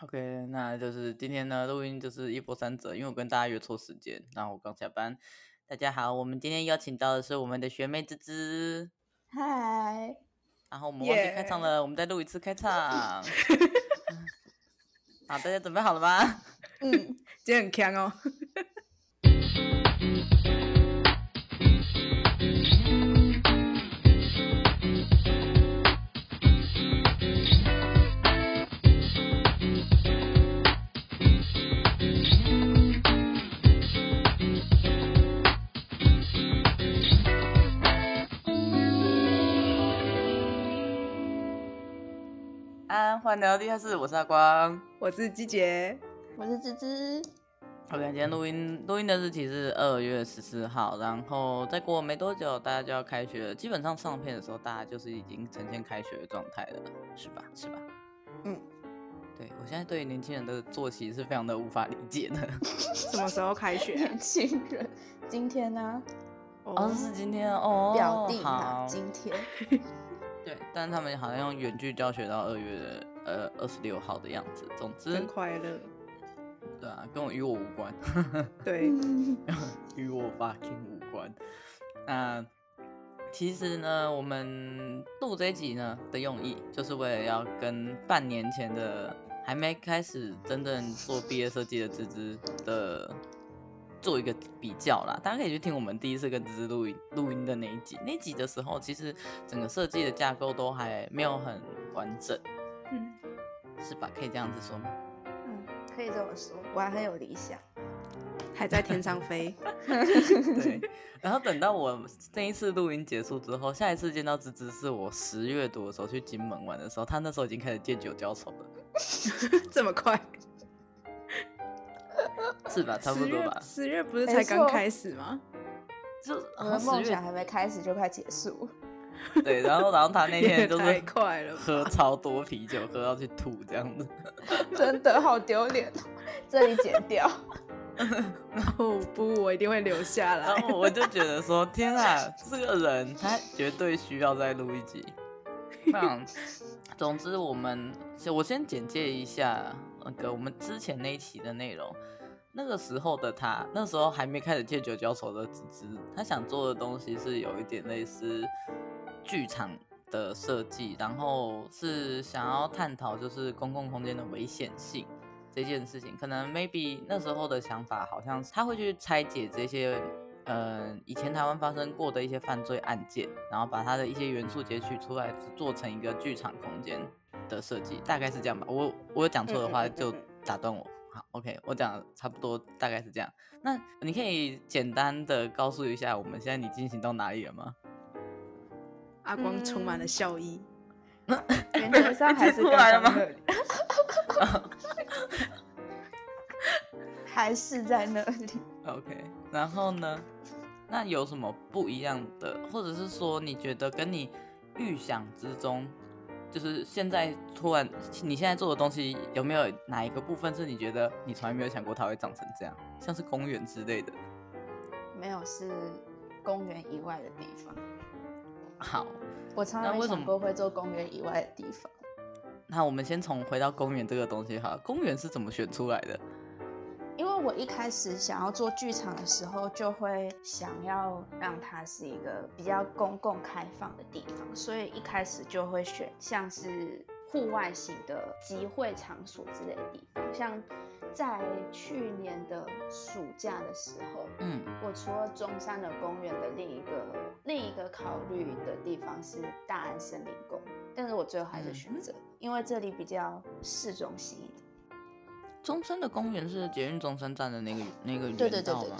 OK，那就是今天呢，錄音就是一波三折，因為我跟大家約錯時間，然後我剛下班。大家好，我們今天邀請到的是我們的學妹吱吱，嗨。然後我們忘記開場了，yeah. 我們再錄一次開場。 好，大家準備好了嗎？嗯， 今天很強哦。歡迎來到地下事，我是阿光，我是季傑，我是芝芝。好、okay，今天錄音錄音的日期是二月十四號，然後再過沒多久，大家就要開學了。基本上上片的時候，大家就是已經呈現開學的狀態了，是吧？是吧？嗯，對，我現在對於年輕人的作息是非常的無法理解的。什麼時候開學？ 年輕人，今天呢？Oh. 哦，是，是今天哦，啊，oh, 表定的，啊、今天。 對，但他們好像用遠距教學到二月。呃，二十六號的樣子，總之。很快樂。對啊，跟我與我無關。 對，與我 fucking 無關。那、呃、其實呢，我們錄這一集呢的用意，就是為了要跟半年前的還沒開始真正做畢業設計的吱吱的做一個比較啦。大家可以去聽我們第一次跟吱吱錄音錄音的那一集，那一集的時候，其實整個設計的架構都還沒有很完整。嗯。是吧？可以這樣子說嗎？嗯，可以這麼說。我還很有理想，還在天上飛。 對。然後等到我這一次錄音結束之後，下一次見到吱吱是我十月多的時候去金門玩的時候，他那時候已經開始借酒澆愁了。 這麼快？ 是吧？差不多吧。十月，十月不是才剛開始嗎？欸、就夢想、哦、還沒開始就快結束。對，然後然後他那天就是喝超多啤酒，喝到去吐這樣子，真的好丟臉哦！這裡剪掉，然 後、哦、不，我一定會留下來。然後我就覺得說，天啊， 這個人他絕對需要再錄一集。嗯，總之我們我先簡介一下那個我們之前那一期的內容，那個時候的他，那個、時候還沒開始借酒澆愁的吱吱，他想做的東西是有一點類似劇場的設計，然後是想要探討就是公共空間的危險性這件事情。可能 maybe 那時候的想法，好像是他會去拆解這些，嗯、呃，以前台灣發生過的一些犯罪案件，然後把他的一些元素截取出來，做成一個劇場空間的設計，大概是這樣吧。我我有講錯的話就打斷我。好，OK，我講的差不多，大概是這樣。那你可以簡單的告訴一下我們現在你進行到哪裡了嗎？阿光充滿了笑意，原圖上還是過來了嗎？ 還是在那裡。OK，然後呢？那有什麼不一樣的，或者是說你覺得跟你預想之中，就是現在突然你現在做的東西有沒有哪一個部分是你覺得你從來沒有想過它會長成這樣，像是公園之類的？沒有，是公園以外的地方。好，我從來沒想過會做公園以外的地方。那，那我們先從回到公園這個東西哈，公園是怎麼選出來的？因為我一開始想要做劇場的時候，就會想要讓它是一個比較公共開放的地方，所以一開始就會選像是戶外型的集會場所之類的地方，像。在去年的暑假的時候，嗯，我除了中山的公園的另一個另一個考慮的地方是大安森林公園，但是我最後還是選擇，嗯、因為這裡比較市中心一點。中山的公園是捷運中山站的那個那個園道嗎？對，對對對對對，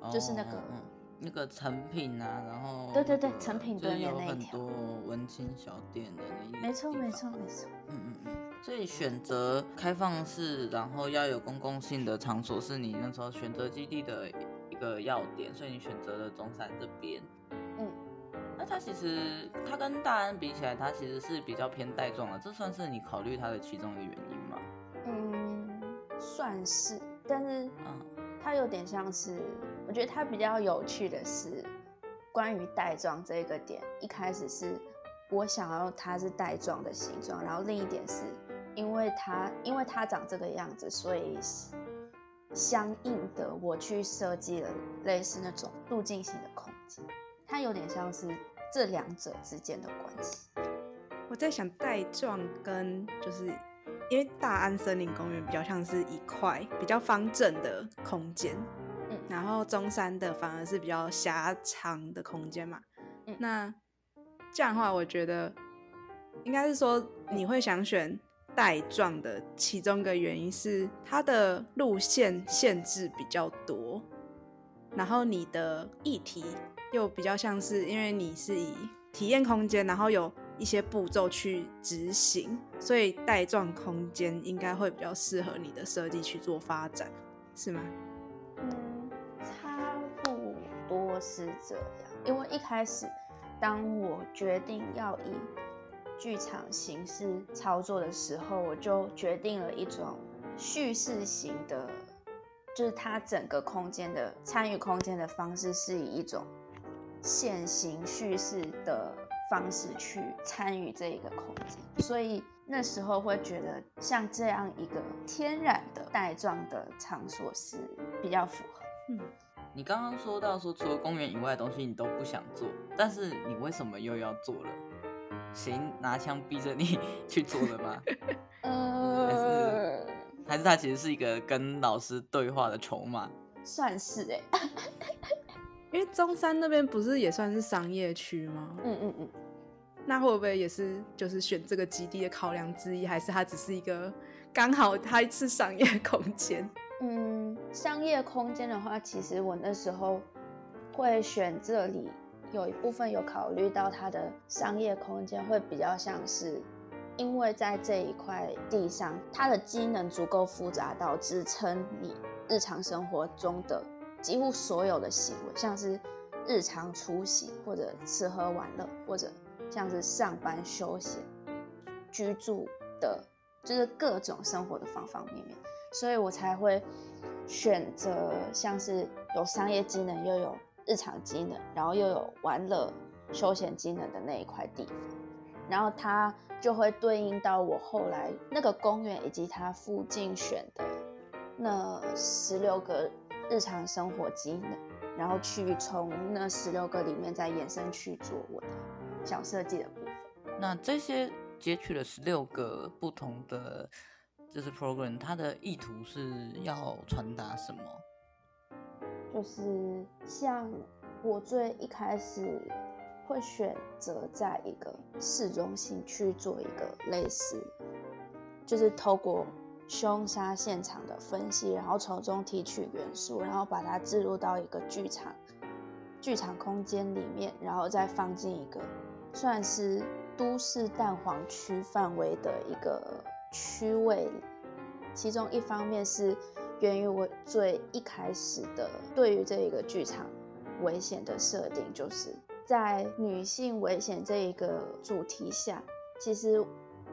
哦、就是那個嗯嗯那個誠品啊，然後、那個、對對對誠品對面那一條，很多文青小店的那一個沒錯沒錯沒錯，嗯嗯嗯。所以選擇開放式，然後要有公共性的場所是你那時候選擇基地的一個要點。所以你選擇了中山這邊。嗯，那它其實它跟大安比起來，它其實是比較偏帶狀的。這算是你考慮它的其中一個原因嗎？嗯，算是。但是嗯，它有點像是，我覺得它比較有趣的是，關於帶狀這一個點，一開始是我想要它是帶狀的形狀，然後另一點是。因為它因為它長這個樣子，所以相應的我去設計了類似那種路徑型的空間，它有點像是這兩者之間的關係。我在想，帶狀跟就是因為大安森林公園比較像是一塊比較方正的空間，嗯，然後中山的反而是比較狹長的空間嘛，嗯，那這樣的話，我覺得應該是說你會想選。帶狀的其中一個原因是它的路線限制比較多，然後你的議題又比較像是，因為你是以體驗空間，然後有一些步驟去執行，所以帶狀空間應該會比較適合你的設計去做發展，是嗎？嗯，差不多是這樣。因為一開始當我決定要以劇場形式操作的時候，我就決定了一種敘事型的，就是它整個空間的參與空間的方式是以一種線性敘事的方式去參與這一個空間，所以那時候會覺得像這樣一個天然的帶狀的場所是比較符合。嗯，你剛剛說到說除了公園以外的東西你都不想做，但是你為什麼又要做了？誰拿槍逼着你去做的嗎？嗯， 還是還是他其實是一個跟老師對話的籌碼？算是哎、欸， 因為中山那邊不是也算是商業區嗎？嗯嗯嗯，那會不會也是就是選這個基地的考量之一？還是他只是一個剛好他一次商業空間？嗯，商業空間的話，其實我那時候會選這裡。有一部分有考慮到它的商業空間會比較像是，因為在這一塊地上，它的機能足夠複雜到支撐你日常生活中的幾乎所有的行為，像是日常出行或者吃喝玩樂或者像是上班、休息、居住的，就是各種生活的方方面面，所以我才會選擇像是有商業機能又有，日常機能，然後又有玩樂休閒機能的那一塊地方，然後它就會對應到我後來那個公園以及他附近選的那十六個日常生活機能，然後去從那十六個裡面再延伸去做我的想設計的部分。那這些截取了十六個不同的就是 program，它的意圖是要傳達什麼？就是像我最一開始會選擇在一個市中心去做一個類似，就是透過兇殺現場的分析，然後從中提取元素，然後把它置入到一個劇場，劇場空間裡面，然後再放進一個算是都市蛋黃區範圍的一個區位，其中一方面是。源於我最一開始的對於這一個劇場危險的設定，就是在女性危險這一個主題下，其實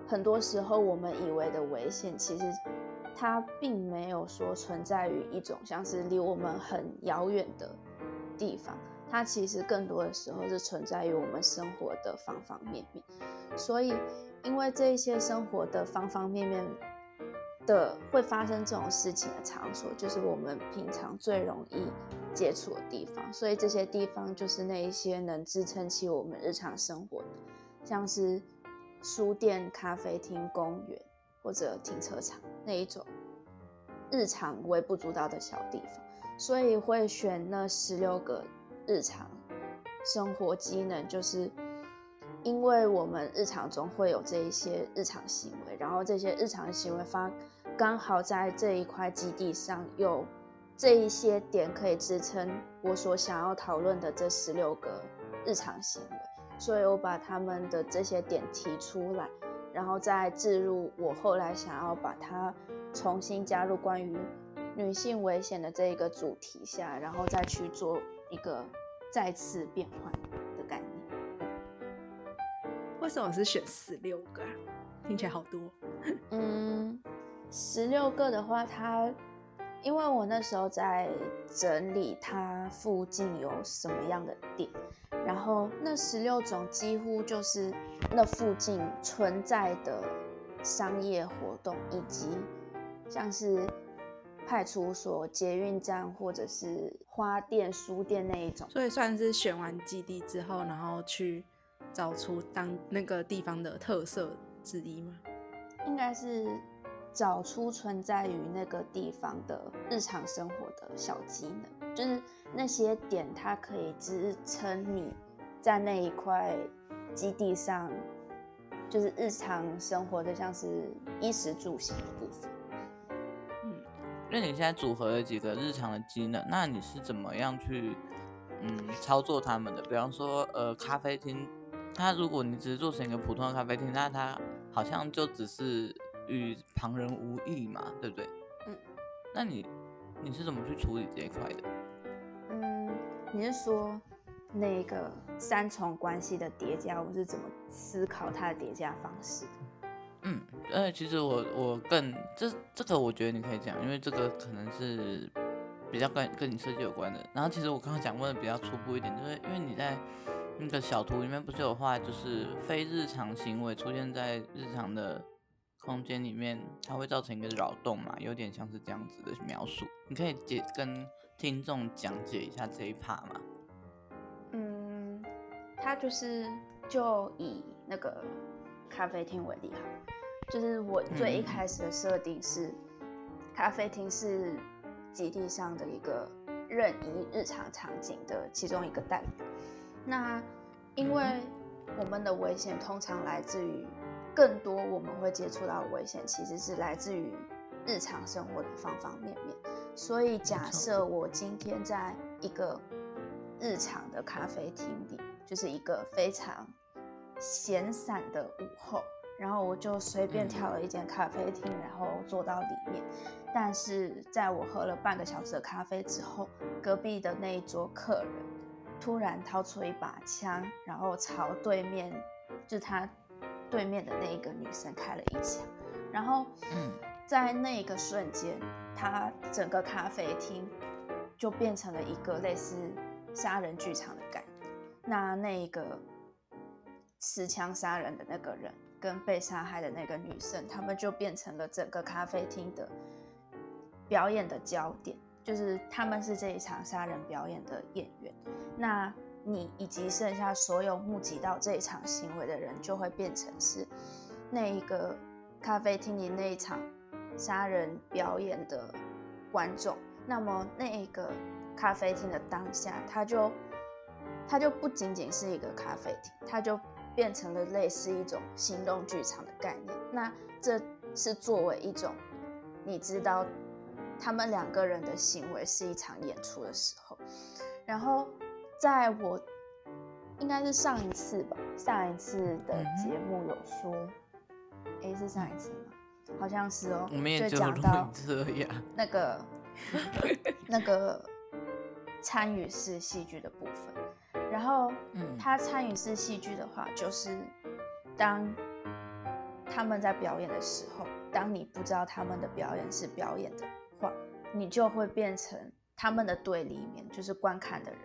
很多時候我們以為的危險，其實它並沒有說存在於一種像是離我們很遙遠的地方，它其實更多的時候是存在於我們生活的方方面面。所以，因為這一些生活的方方面面。的會發生這種事情的場所，就是我們平常最容易接觸的地方，所以這些地方就是那一些能支撐起我們日常生活，像是書店、咖啡廳、公園或者停車場，那一種日常微不足道的小地方。所以會選那十六個日常生活機能，就是因為我們日常中會有這一些日常行為，然後這些日常行為發。剛好在這一塊基地上有這一些點可以支撐我所想要討論的這十六個日常行為，所以我把他們的這些點提出來，然後再置入我後來想要把它重新加入關於女性危險的這一個主題下，然後再去做一個再次變換的概念。為什麼我是選十六個？聽起來好多。嗯。十六個的話，它因為我那時候在整理它附近有什麼樣的點，然後那十六種幾乎就是那附近存在的商業活動，以及像是派出所、捷運站或者是花店、書店那一種。所以算是選完基地之後，然後去找出當那個地方的特色之一嗎？應該是。找出存在於那個地方的日常生活的小機能，就是那些點，它可以支撐你在那一塊基地上，就是日常生活的，像是衣食住行的部分。嗯，因為你現在組合了幾個日常的機能，那你是怎麼樣去嗯操作他們的？比方說，呃，咖啡廳，它如果你只是做成一個普通的咖啡廳，那它好像就只是。與旁人無異嘛，對不對？嗯，那你你是怎麼去處理這一塊的？嗯，你是說那個三重關係的疊加，我是怎麼思考它的疊加方式？嗯，而且其實我我更這這個我覺得你可以講，因為這個可能是比較跟跟你設計有關的。然後其實我剛剛講過的比較初步一點，就是因為你在那個小圖裡面不是有畫，就是非日常行為出現在日常的。空間裡面，它會造成一個擾動嘛，有點像是這樣子的描述。你可以跟聽眾講解一下這一 part 嗎？嗯，它就是就以那個咖啡廳為例哈，就是我最一開始的設定是，咖啡廳是基地上的一個任意日常場景的其中一個代，那因為我們的危險通常來自於，更多我們會接觸到的危險，其實是來自於日常生活的方方面面。所以假設我今天在一個日常的咖啡廳裡，就是一個非常閒散的午後，然後我就隨便挑了一間咖啡廳，然後坐到裡面。但是在我喝了半個小時的咖啡之後，隔壁的那一桌客人突然掏出一把槍，然後朝對面，就他。對面的那一個女生開了一槍，然後在那個瞬間，他整個咖啡廳就變成了一個類似殺人劇場的感。那那一個持槍殺人的那個人跟被殺害的那個女生，他們就變成了整個咖啡廳的表演的焦點，就是他們是這一場殺人表演的演員。那你以及剩下所有目擊到這一場行為的人，就會變成是那一個咖啡廳裡那一場殺人表演的觀眾。那麼，那一個咖啡廳的當下，它就它就不僅僅是一個咖啡廳，它就變成了類似一種行動劇場的概念。那這是作為一種你知道他們兩個人的行為是一場演出的時候，然後。在我應該是上一次吧，上一次的節目有說，誒、mm -hmm. 欸，是上一次嗎？好像是哦。我、mm -hmm. 就講到那個、mm -hmm. 那個參與式戲劇的部分，然後、mm -hmm. 他參與式戲劇的話，就是當他們在表演的時候，當你不知道他們的表演是表演的話，你就會變成他們的對立裡面，就是觀看的人。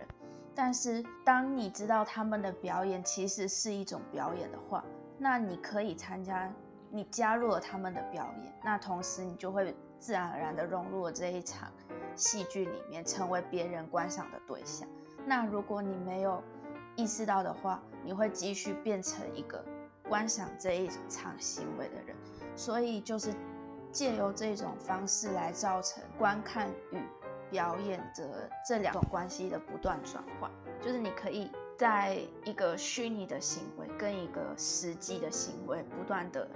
但是，當你知道他們的表演其實是一種表演的話，那你可以參加，你加入了他們的表演，那同時你就會自然而然地融入了這一場戲劇裡面，成為別人觀賞的對象。那如果你沒有意識到的話，你會繼續變成一個觀賞這一場行為的人。所以，就是借由這種方式來造成觀看與。表演的這兩種關係的不斷轉換，就是你可以在一個虛擬的行為跟一個實際的行為不斷的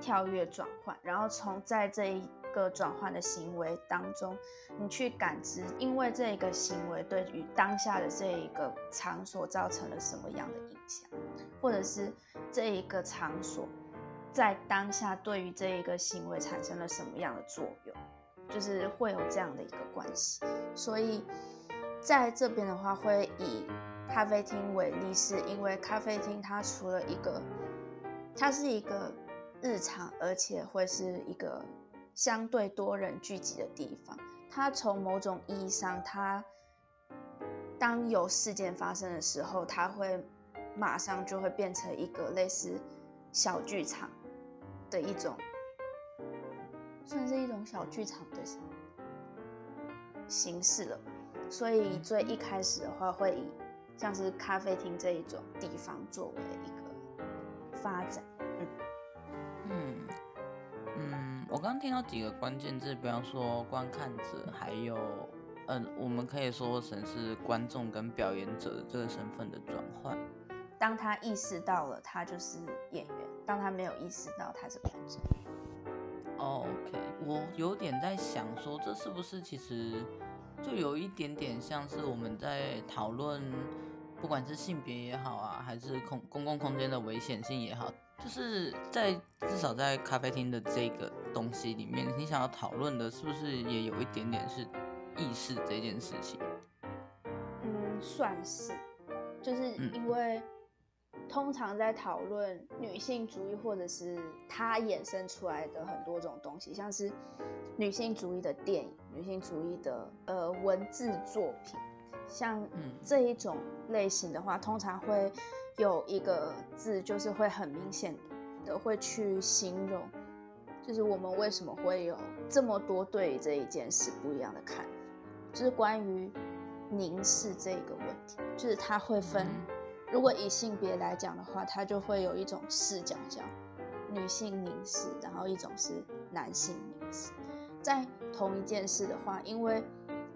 跳躍轉換，然後從在這一個轉換的行為當中，你去感知，因為這一個行為對於當下的這一個場所造成了什麼樣的影響，或者是這一個場所在當下對於這一個行為產生了什麼樣的作用。就是會有這樣的一個關係，所以在這邊的話，會以咖啡廳為例，是因為咖啡廳它除了一個，它是一個日常，而且會是一個相對多人聚集的地方。它從某種意義上，它當有事件發生的時候，它會馬上就會變成一個類似小劇場的一種。算是一種小劇場的形式了。所以最一開始的話，會以像是咖啡廳這一種地方作為一個發展。嗯嗯嗯，嗯，我剛剛聽到幾個關鍵字，比方說觀看者，還有嗯、呃，我們可以說成是觀眾跟表演者的這個身份的轉換。當他意識到了他就是演員，當他沒有意識到他是觀眾。Oh, O.K. 我有點在想說，這是不是其實就有一點點像是我們在討論，不管是性別也好啊，還是空公共空間的危險性也好，就是在至少在咖啡廳的這個東西裡面，你想要討論的是不是也有一點點是意識這件事情？嗯，算是，就是因為。嗯通常在討論女性主義，或者是它衍生出來的很多種東西，像是女性主義的電影、女性主義的呃文字作品，像這一種類型的話，通常會有一個字，就是會很明顯的會去形容，就是我們為什麼會有這麼多對這一件事不一樣的看法，就是關於凝視這一個問題，就是它會分。如果以性別來講的話，它就會有一種視角，角，叫女性凝視，然後一種是男性凝視。在同一件事的話，因為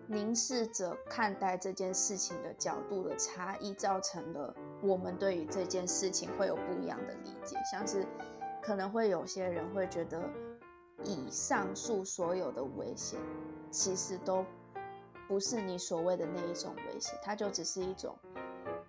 凝視者看待這件事情的角度的差異，造成了我們對於這件事情會有不一樣的理解。像是可能會有些人會覺得，以上述所有的危險，其實都不是你所謂的那一種危險，它就只是一種。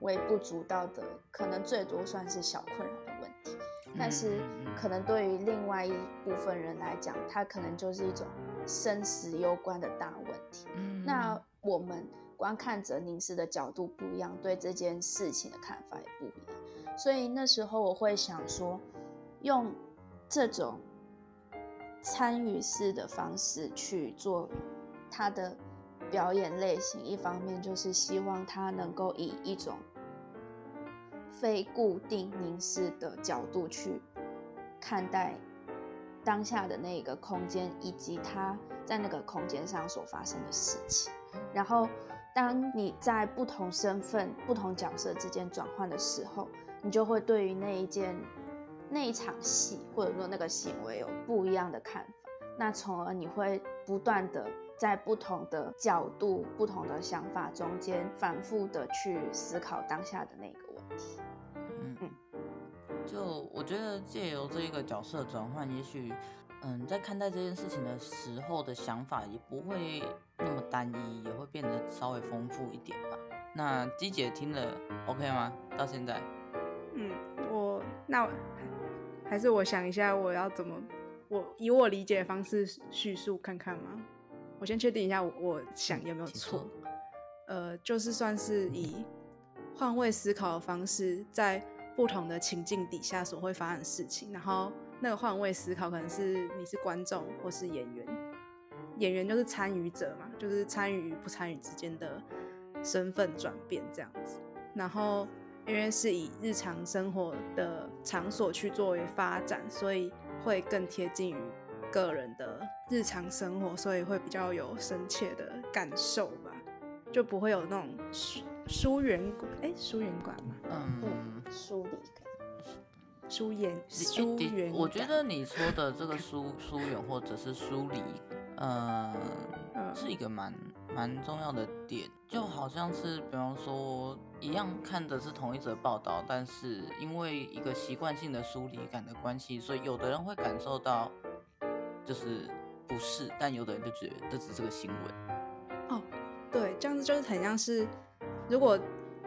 微不足道的，可能最多算是小困擾的問題，但是可能對於另外一部分人來講，它可能就是一種生死攸關的大問題。嗯嗯。那我們觀看者、凝視的角度不一樣，對這件事情的看法也不一樣。所以那時候我會想說，用這種參與式的方式去做他的表演類型，一方面就是希望他能夠以一種非固定凝視的角度去看待當下的那個空間以及他在那個空間上所發生的事情。然後，當你在不同身份、不同角色之間轉換的時候，你就會對於那一件、那一場戲，或者說那個行為有不一樣的看法。那從而你會不斷的。在不同的角度、不同的想法中間反覆地去思考當下的那個問題。嗯嗯，就我覺得借由這一個角色轉換，也許嗯，在看待這件事情的時候的想法也不會那麼單一，也會變得稍微豐富一點吧。那雞姐聽了 OK 嗎？到現在？嗯，我那我還是我想一下，我要怎麼我以我理解的方式敘述看看嗎？我先確定一下我，我想有沒有錯？呃，就是算是以換位思考的方式，在不同的情境底下所會發生的事情。然後那個換位思考，可能是你是觀眾或是演員，演員就是參與者嘛，就是參與與不參與之間的身份轉變這樣子。然後因為是以日常生活的場所去作為發展，所以會更貼近於。個人的日常生活，所以會比較有深切的感受吧，就不會有那種疏疏遠感哎疏遠感嘛，嗯不疏離感。疏遠疏遠。我覺得你說的這個疏疏遠或者是疏離，呃，嗯，是一個蠻蠻重要的點，就好像是比方說一樣看的是同一則報道，但是因為一個習慣性的疏離感的關係，所以有的人會感受到。就是不是，但有的人就覺得這只是個新聞。哦，對，這樣子就是很像是，如果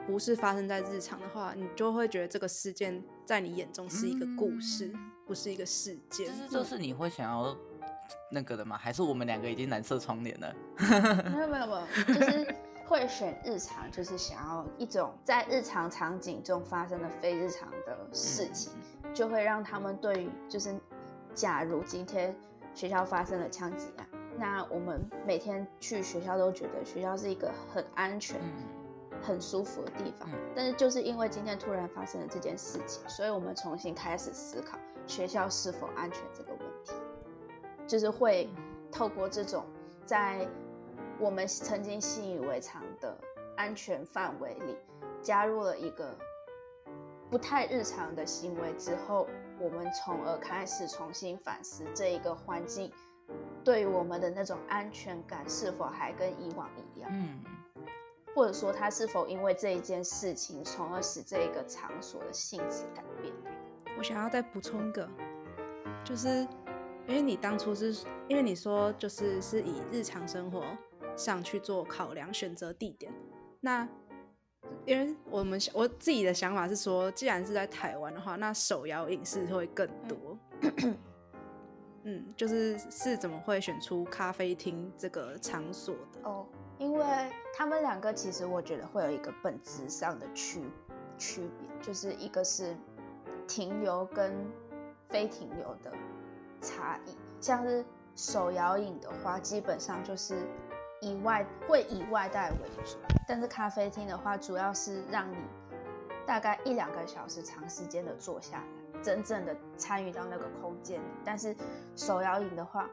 不是發生在日常的話，你就會覺得這個事件在你眼中是一個故事，嗯、不是一個事件。就是這是你會想要那個的嗎？嗯、還是我們兩個已經藍色窗簾了？沒有沒有沒有，就是會選日常， 就是想要一種在日常場景中發生的非日常的事情，嗯、就會讓他們對於就是，假如今天。學校發生了槍擊案，那我們每天去學校都覺得學校是一個很安全、很舒服的地方。但是就是因為今天突然發生了這件事情，所以我們重新開始思考學校是否安全這個問題，就是會透過這種在我們曾經習以為常的安全範圍裡，加入了一個不太日常的行為之後。我們從而開始重新反思這一個環境對我們的那種安全感是否還跟以往一樣，嗯，或者說他是否因為這一件事情從而使這一個場所的性質改變？我想要再補充一個，就是因為你當初是因為你說就是是以日常生活上去做考量選擇地點，那。因為我們我自己的想法是說，既然是在台灣的話，那手搖飲是會更多。嗯， 嗯，就是是怎麼會選出咖啡廳這個場所的？哦、oh，因為他們兩個其實我覺得會有一個本質上的區區別，就是一個是停留跟非停留的差異。像是手搖飲的話，基本上就是。以外會以外帶為主，但是咖啡廳的話，主要是讓你大概一兩個小時長時間的坐下來，真正的參與到那個空間裡。但是手搖飲的話，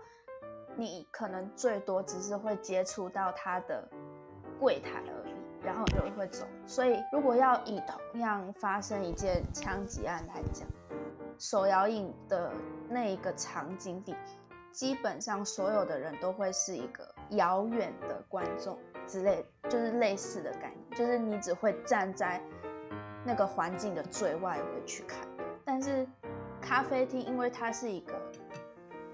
你可能最多只是會接觸到他的櫃檯而已，然後人會走。所以如果要以同樣發生一件槍擊案來講，手搖飲的那一個場景裡，基本上所有的人都會是一個。遙遠的觀眾之類，就是類似的概念，就是你只會站在那個環境的最外圍去看。但是咖啡廳，因為它是一個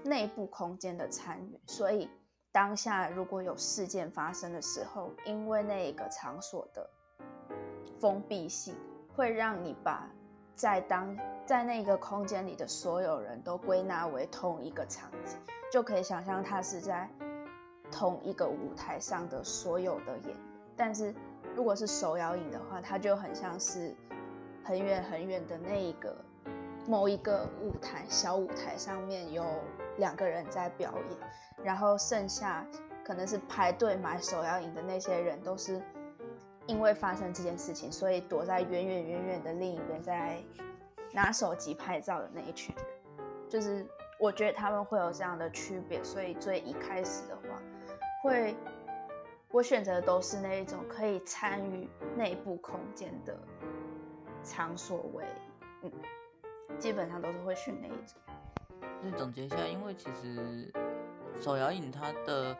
內部空間的參與，所以當下如果有事件發生的時候，因為那個場所的封閉性，會讓你把在當，在那個空間裡的所有人都歸納為同一個場景，就可以想象它是在。同一個舞台上的所有的演員，但是如果是手搖飲的話，它就很像是很遠很遠的那一個某一個舞台、小舞台上面有兩個人在表演，然後剩下可能是排隊買手搖飲的那些人，都是因為發生這件事情，所以躲在遠遠遠遠的另一邊，在拿手機拍照的那一群。就是我覺得他們會有這樣的區別，所以最一開始的話。會，我選擇的都是那一種可以參與內部空間的場所為、嗯，基本上都是會去那一種。那總結一下，因為其實手搖飲它的，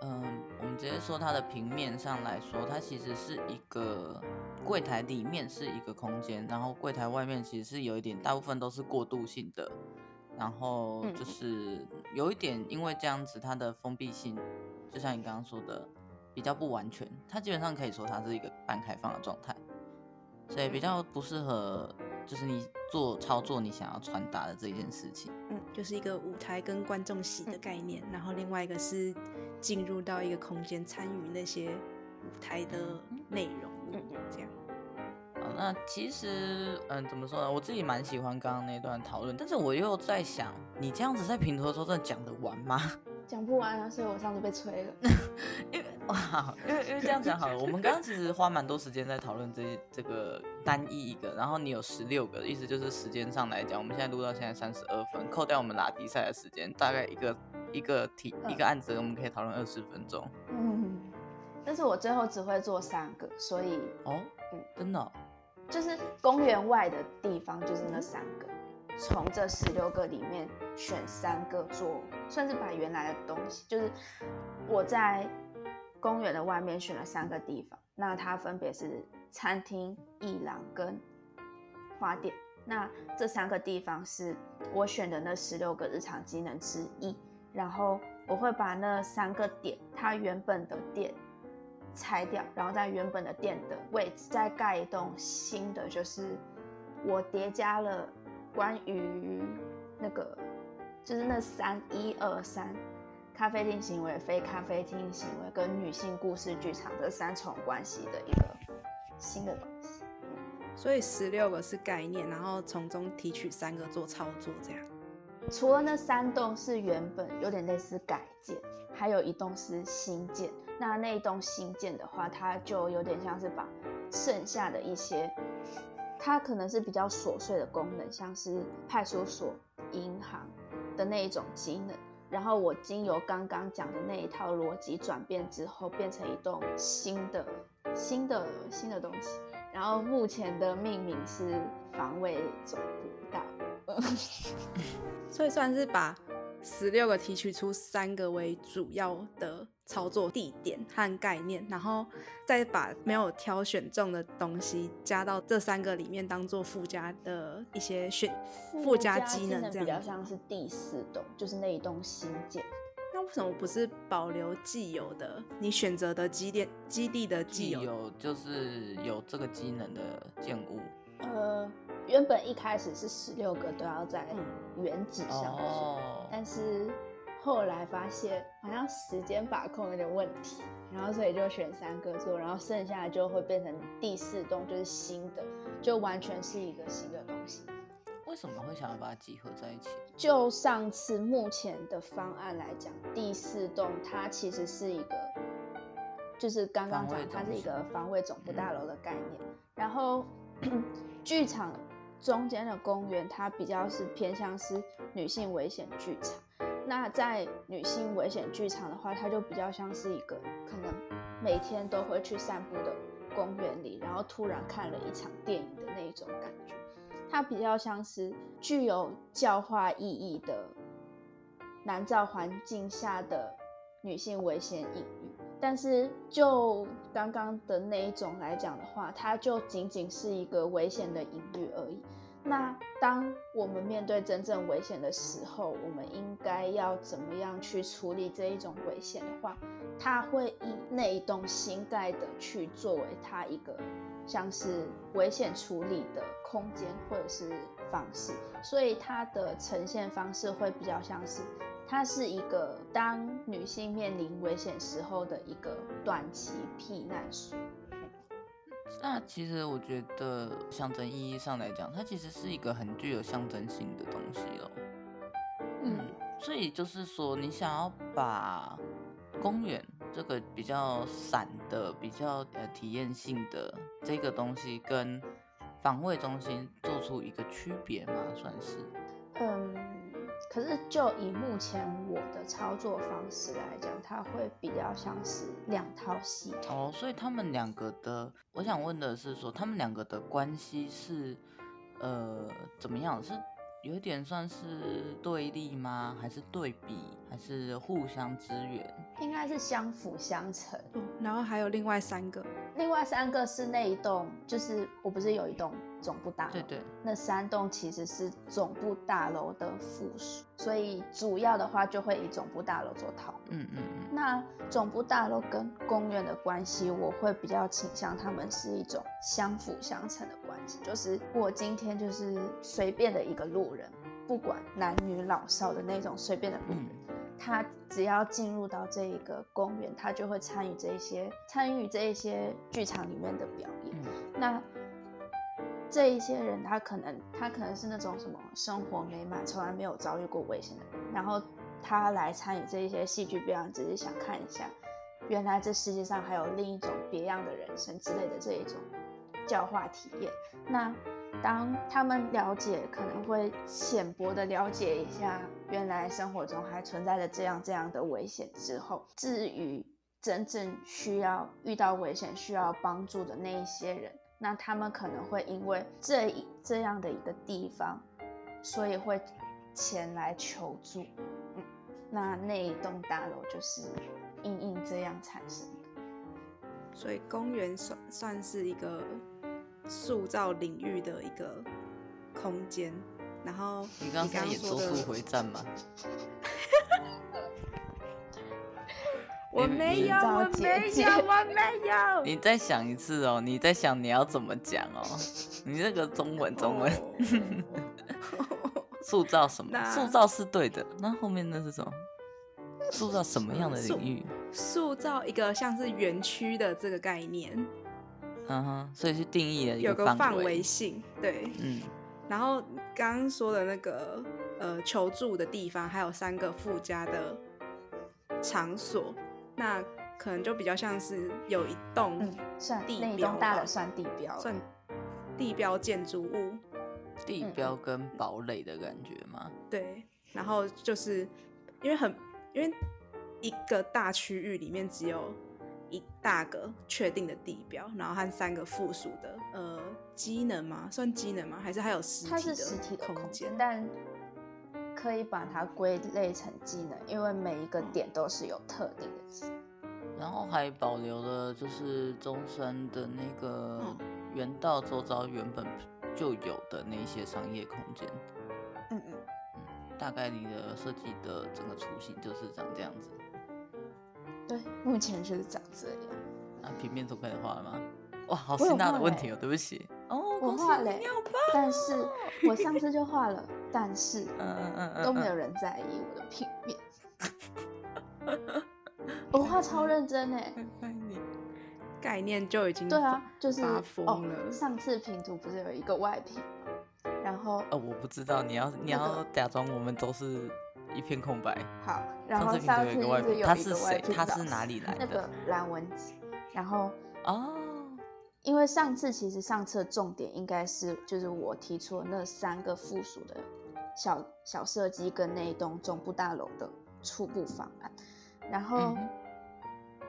嗯、呃，我們直接說它的平面上來說，它其實是一個櫃台裡面是一個空間，然後櫃台外面其實是有一點，大部分都是過渡性的，然後就是有一點，因為這樣子它的封閉性。就像你剛剛說的，比較不完全，它基本上可以說它是一個半開放的狀態，所以比較不適合，就是你做操作，你想要傳達的這一件事情，嗯，就是一個舞台跟觀眾席的概念，然後另外一個是進入到一個空間參與那些舞台的內容，嗯，這樣。好，那其實，嗯，怎麼說呢？我自己蠻喜歡剛剛那段討論，但是我又在想，你這樣子在評圖的時候，真的講得完嗎？講不完啊，所以我上次被催了。 因為，因為，因為這樣講好了。 我們剛剛其實花蠻多時間在討論這這個單一一個，然後你有十六個，意思就是時間上來講，我們現在錄到現在三十二分，扣掉我們拉低賽的時間，大概一個一個題、嗯、一個案子我們可以討論二十分鐘。嗯，但是我最後只會做三個，所以哦，嗯，真的、哦，就是公園外的地方，就是那三個。從這十六個裡面選三個做，算是把原來的東西，就是我在公園的外面選了三個地方，那它分別是餐廳、藝廊跟花店。那這三個地方是我選的那十六個日常機能之一，然後我會把那三個點，它原本的店拆掉，然後在原本的店的位置再蓋一棟新的，就是我疊加了。關於那個，就是那三一二三，咖啡廳行為、非咖啡廳行為跟女性故事劇場這三重關係的一個新的東西。所以十六個是概念，然後從中提取三個做操作，這樣。除了那三棟是原本有點類似改建，還有一棟是新建。那那一棟新建的話，它就有點像是把剩下的一些。它可能是比較瑣碎的功能，像是派出所、銀行的那一種機能。然後我經由剛剛講的那一套邏輯轉變之後，變成一棟新的、新的、新的東西。然後目前的命名是防衛總部大樓， 所以算是吧。十六個提取出三個為主要的操作地點和概念，然後再把沒有挑選中的東西加到這三個裡面，當做附加的一些選附加機能，這樣比較像是第四棟，就是那一棟新建。那為什麼不是保留既有的？你選擇的基點基地的既有，既有就是有這個機能的建物。呃，原本一開始是十六個都要在原址上做，Oh. 但是後來發現好像時間把控有點問題，然後所以就選三個做，然後剩下就會變成第四棟，就是新的，就完全是一個新的東西。為什麼會想要把它集合在一起？就上次目前的方案來講，第四棟它其實是一個，就是剛剛講它是一個防衛總部大樓的概念，嗯、然後。 劇場中間的公園，它比較是偏向是女性危險劇場。那在女性危險劇場的話，它就比較像是一個可能每天都會去散步的公園裡，然後突然看了一場電影的那一種感覺。它比較像是具有教化意義的男造環境下的女性危險隱喻。但是就剛剛的那一種來講的話，它就僅僅是一個危險的隱喻而已。那當我們面對真正危險的時候，我們應該要怎麼樣去處理這一種危險的話，它會以那一棟新蓋的去作為它一個像是危險處理的空間或者是方式，所以它的呈現方式會比較像是。它是一個當女性面臨危險時候的一個短期避難所。那其實我覺得象徵意義上來講，它其實是一個很具有象徵性的東西哦，嗯，所以就是說，你想要把公園這個比較散的、比較呃體驗性的這個東西，跟防衛中心做出一個區別嘛，算是？嗯。可是，就以目前我的操作方式來講，它會比較像是兩套系統哦。所以他們兩個的，我想問的是說，說他們兩個的關係是，呃，怎麼樣？是有點算是對立嗎？還是對比？還是互相支援？應該是相輔相成。嗯，然後還有另外三個，另外三個是那一棟，就是我不是有一棟。總部大樓，對對，那三棟其實是總部大樓的附屬，所以主要的話就會以總部大樓做套。嗯嗯嗯。那總部大樓跟公園的關係，我會比較傾向他們是一種相輔相成的關係。就是我今天就是隨便的一個路人，不管男女老少的那種隨便的路人，嗯、他只要進入到這一個公園，他就會參與這一些參與這一些劇場裡面的表演。嗯、那。這一些人，他可能他可能是那種什麼生活美滿，從來沒有遭遇過危險的人，然後他來參與這一些戲劇表演，只是想看一下，原來這世界上還有另一種別樣的人生之類的這一種教化體驗。那當他們了解，可能會淺薄的了解一下，原來生活中還存在着這樣這樣的危險之後，至於真正需要遇到危險需要幫助的那一些人，那他們可能會因為這一這樣的一個地方，所以會前來求助。嗯，那那一棟大樓就是因應這樣產生的。所以公園算算是一個塑造領域的一個空間。然後你剛剛也說速回戰嗎？ 我沒有，我沒有，我沒有。 你再想一次喔，你再想你要怎麼講喔，你這個中文，中文， 塑造什麼？塑造是對的，那後面那是什麼？塑造什麼樣的領域？塑造一個像是園區的這個概念。嗯哼，所以是定義了一個範圍。有個範圍性，對。嗯。然後剛剛說的那個呃求助的地方，還有三個附加的場所。那可能就比較像是有一棟，算地標，嗯、地標，那一棟大的算地標，算、欸、地標建築物，地標跟堡壘的感覺嗎？對、嗯，然後就是因為很，因為一個大區域裡面只有一大個確定的地標，然後和三個附屬的，呃，機能嗎？算機能嗎？還是還有實體的？實體空間，但。可以把它歸類成技能，因為每一個點都是有特定的技能。然後還保留了就是中山的那個原道周遭原本就有的那些商業空間。嗯嗯，大概你的設計的整個雛形就是長這樣子。對，目前就是長這樣。那平面圖可以畫了嗎？哇，好辛辣的問題哦！欸、對不起，oh, 我畫了、欸好喔，但是我上次就畫了， 但是嗯嗯嗯，嗯都沒有人在意我的平面， 我畫超認真誒、欸哎哎哎，概念就已經對啊，就是發、哦、上次評圖不是有一個外評，然後呃、哦、我不知道你要你要假裝我們都是一片空白，好，然後上次有一個，是有一個他是誰？他是哪裡來的？那個、藍文吉，然後啊。Oh, 因為上次其實上次的重點應該是就是我提出的那三個附屬的小小設計跟那一棟總部大樓的初步方案，然後，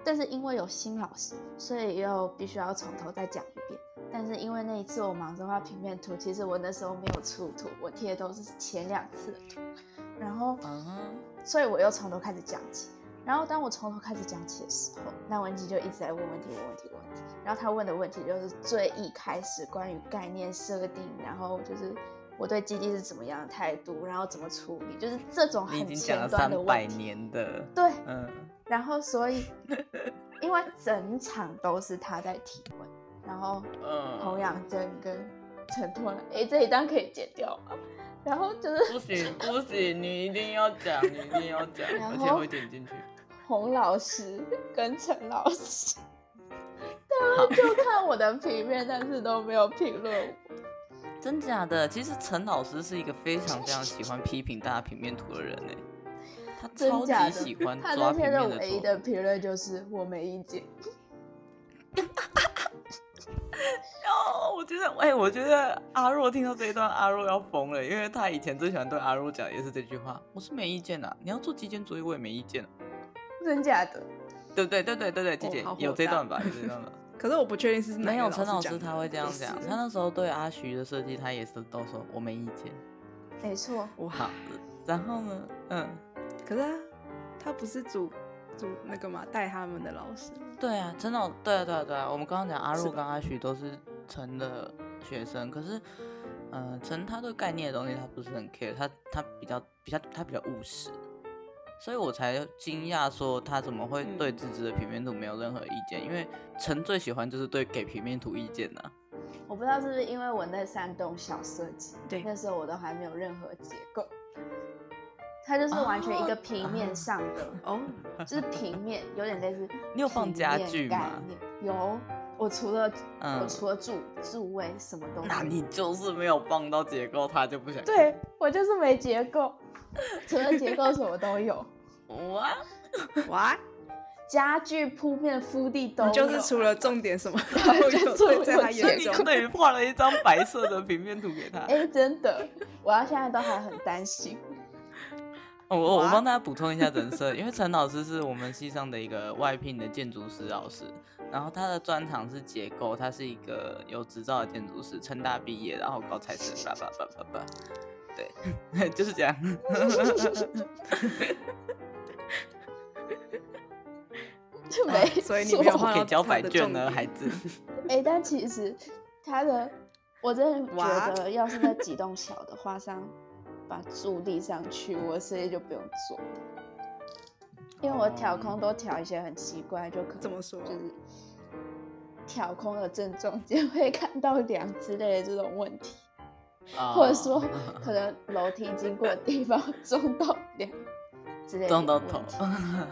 但是因為有新老師，所以又必須要從頭再講一遍。但是因為那一次我忙着畫平面圖，其實我那時候沒有出圖，我貼的都是前兩次的圖，然後，嗯，所以我又從頭開始講起。然後當我從頭開始講起的時候，那文姬就一直在問問題，問問題，問問題。然後他問的問題就是最一開始關於概念設定，然後就是我對基地是怎麼樣的態度，然後怎麼處理，就是這種很前端的問題。你已經講了三百年的。對，嗯。然後所以， 因為整場都是他在提問，然後洪陽珍跟陳托，哎，這一段可以剪掉嗎？然後就是不行不行，你一定要講，你一定要講， 然後，而且會點進去。洪老師跟陳老師，他們就看我的平面，但是都沒有評論我。 真的假的？其實陳老師是一個非常非常喜歡批評大家平面圖的人哎，他超級喜歡抓平面的錯。他唯一的評論就是我沒意見。哦， 我覺得哎、欸，我覺得阿若聽到這一段，阿若要瘋了，因為他以前最喜歡對阿若講也是這句話，我是沒意見吶，你要做幾件作業，我也沒意見。真假的，對不對？對對對對，季姐姐、哦、有這段吧？有這段吧。吧 可是我不確定是哪。沒有陳老師他會這樣講、就是，他那時候對阿徐的設計，他也是都說我沒意見。沒錯。我好。然後呢？嗯。可是、啊、他不是主主那個嘛，帶他們的老師。對啊，陳老、啊，對啊，對啊，對啊。我們剛剛講阿若跟阿徐都是陳的學生，可是，陳、呃、他對概念的東西他不是很 care，他他比較比較他比較務實。所以我才驚訝，說他怎麼會對自己的平面圖沒有任何意見？嗯、因為陳最喜歡就是對給平面圖意見的、啊。我不知道是不是因為我那三棟小設計，對，那時候我都還沒有任何結構，他就是完全一個平面上的，哦、啊，就是平面，啊、有點類似 你有放家具嗎？有，我除了、嗯、我除了住住位什麼東西，那你就是沒有放到結構，他就不想。對，我就是沒結構。除了結構，什麼都有。哇哇，家具鋪面腹地都有。就是除了重點什麼都有。就有重點。對於畫 了一張白色的平面圖給他。哎、 欸，真的，我要現在都還很擔心。我我幫大家補充一下人設， 因為陳老師是我們系上的一個外聘的建築師老師，然後他的專長是結構，他是一個有執照的建築師，成大畢業，然後高材生。叭叭叭叭對， 就是這樣。就 沒，所以你有可以交白卷呢，孩子。哎，但其實他的，我真的很覺得，要是那幾棟小的花商把柱立上去，我所以就不用做。因為我挑空都挑一些很奇怪，就可、就是。怎麼說，就是挑空的正中間，就會看到樑之類的這種問題。或者說，可能樓梯經過的地方撞到臉撞到頭，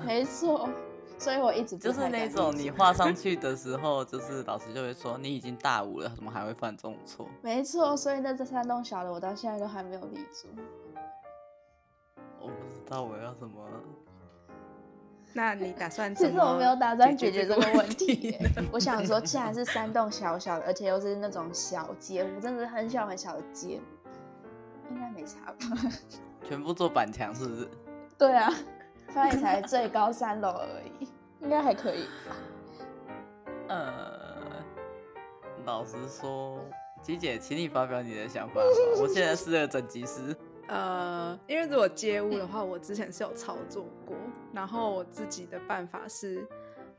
沒錯。所以我一直就是那種你畫上去的時候，就是老師就會說，你已經大五了，怎麼還會犯這種錯？沒錯，所以那這三棟小的，我到現在都還沒有立足。我不知道我要怎麼。那你打算？其實我沒有打算解決這個問題。我想說，既然是三棟小小的， 而且又是那種小街，我真的是很小很小的街，應該沒差吧？全部做板牆是不是？對啊，它也才最高三樓而已， 應該還可以。呃，老實說，吉姐，請你發表你的想法好好 我現在是個整機師。呃，因為如果街屋的話，嗯，我之前是有操作過。然後我自己的辦法是，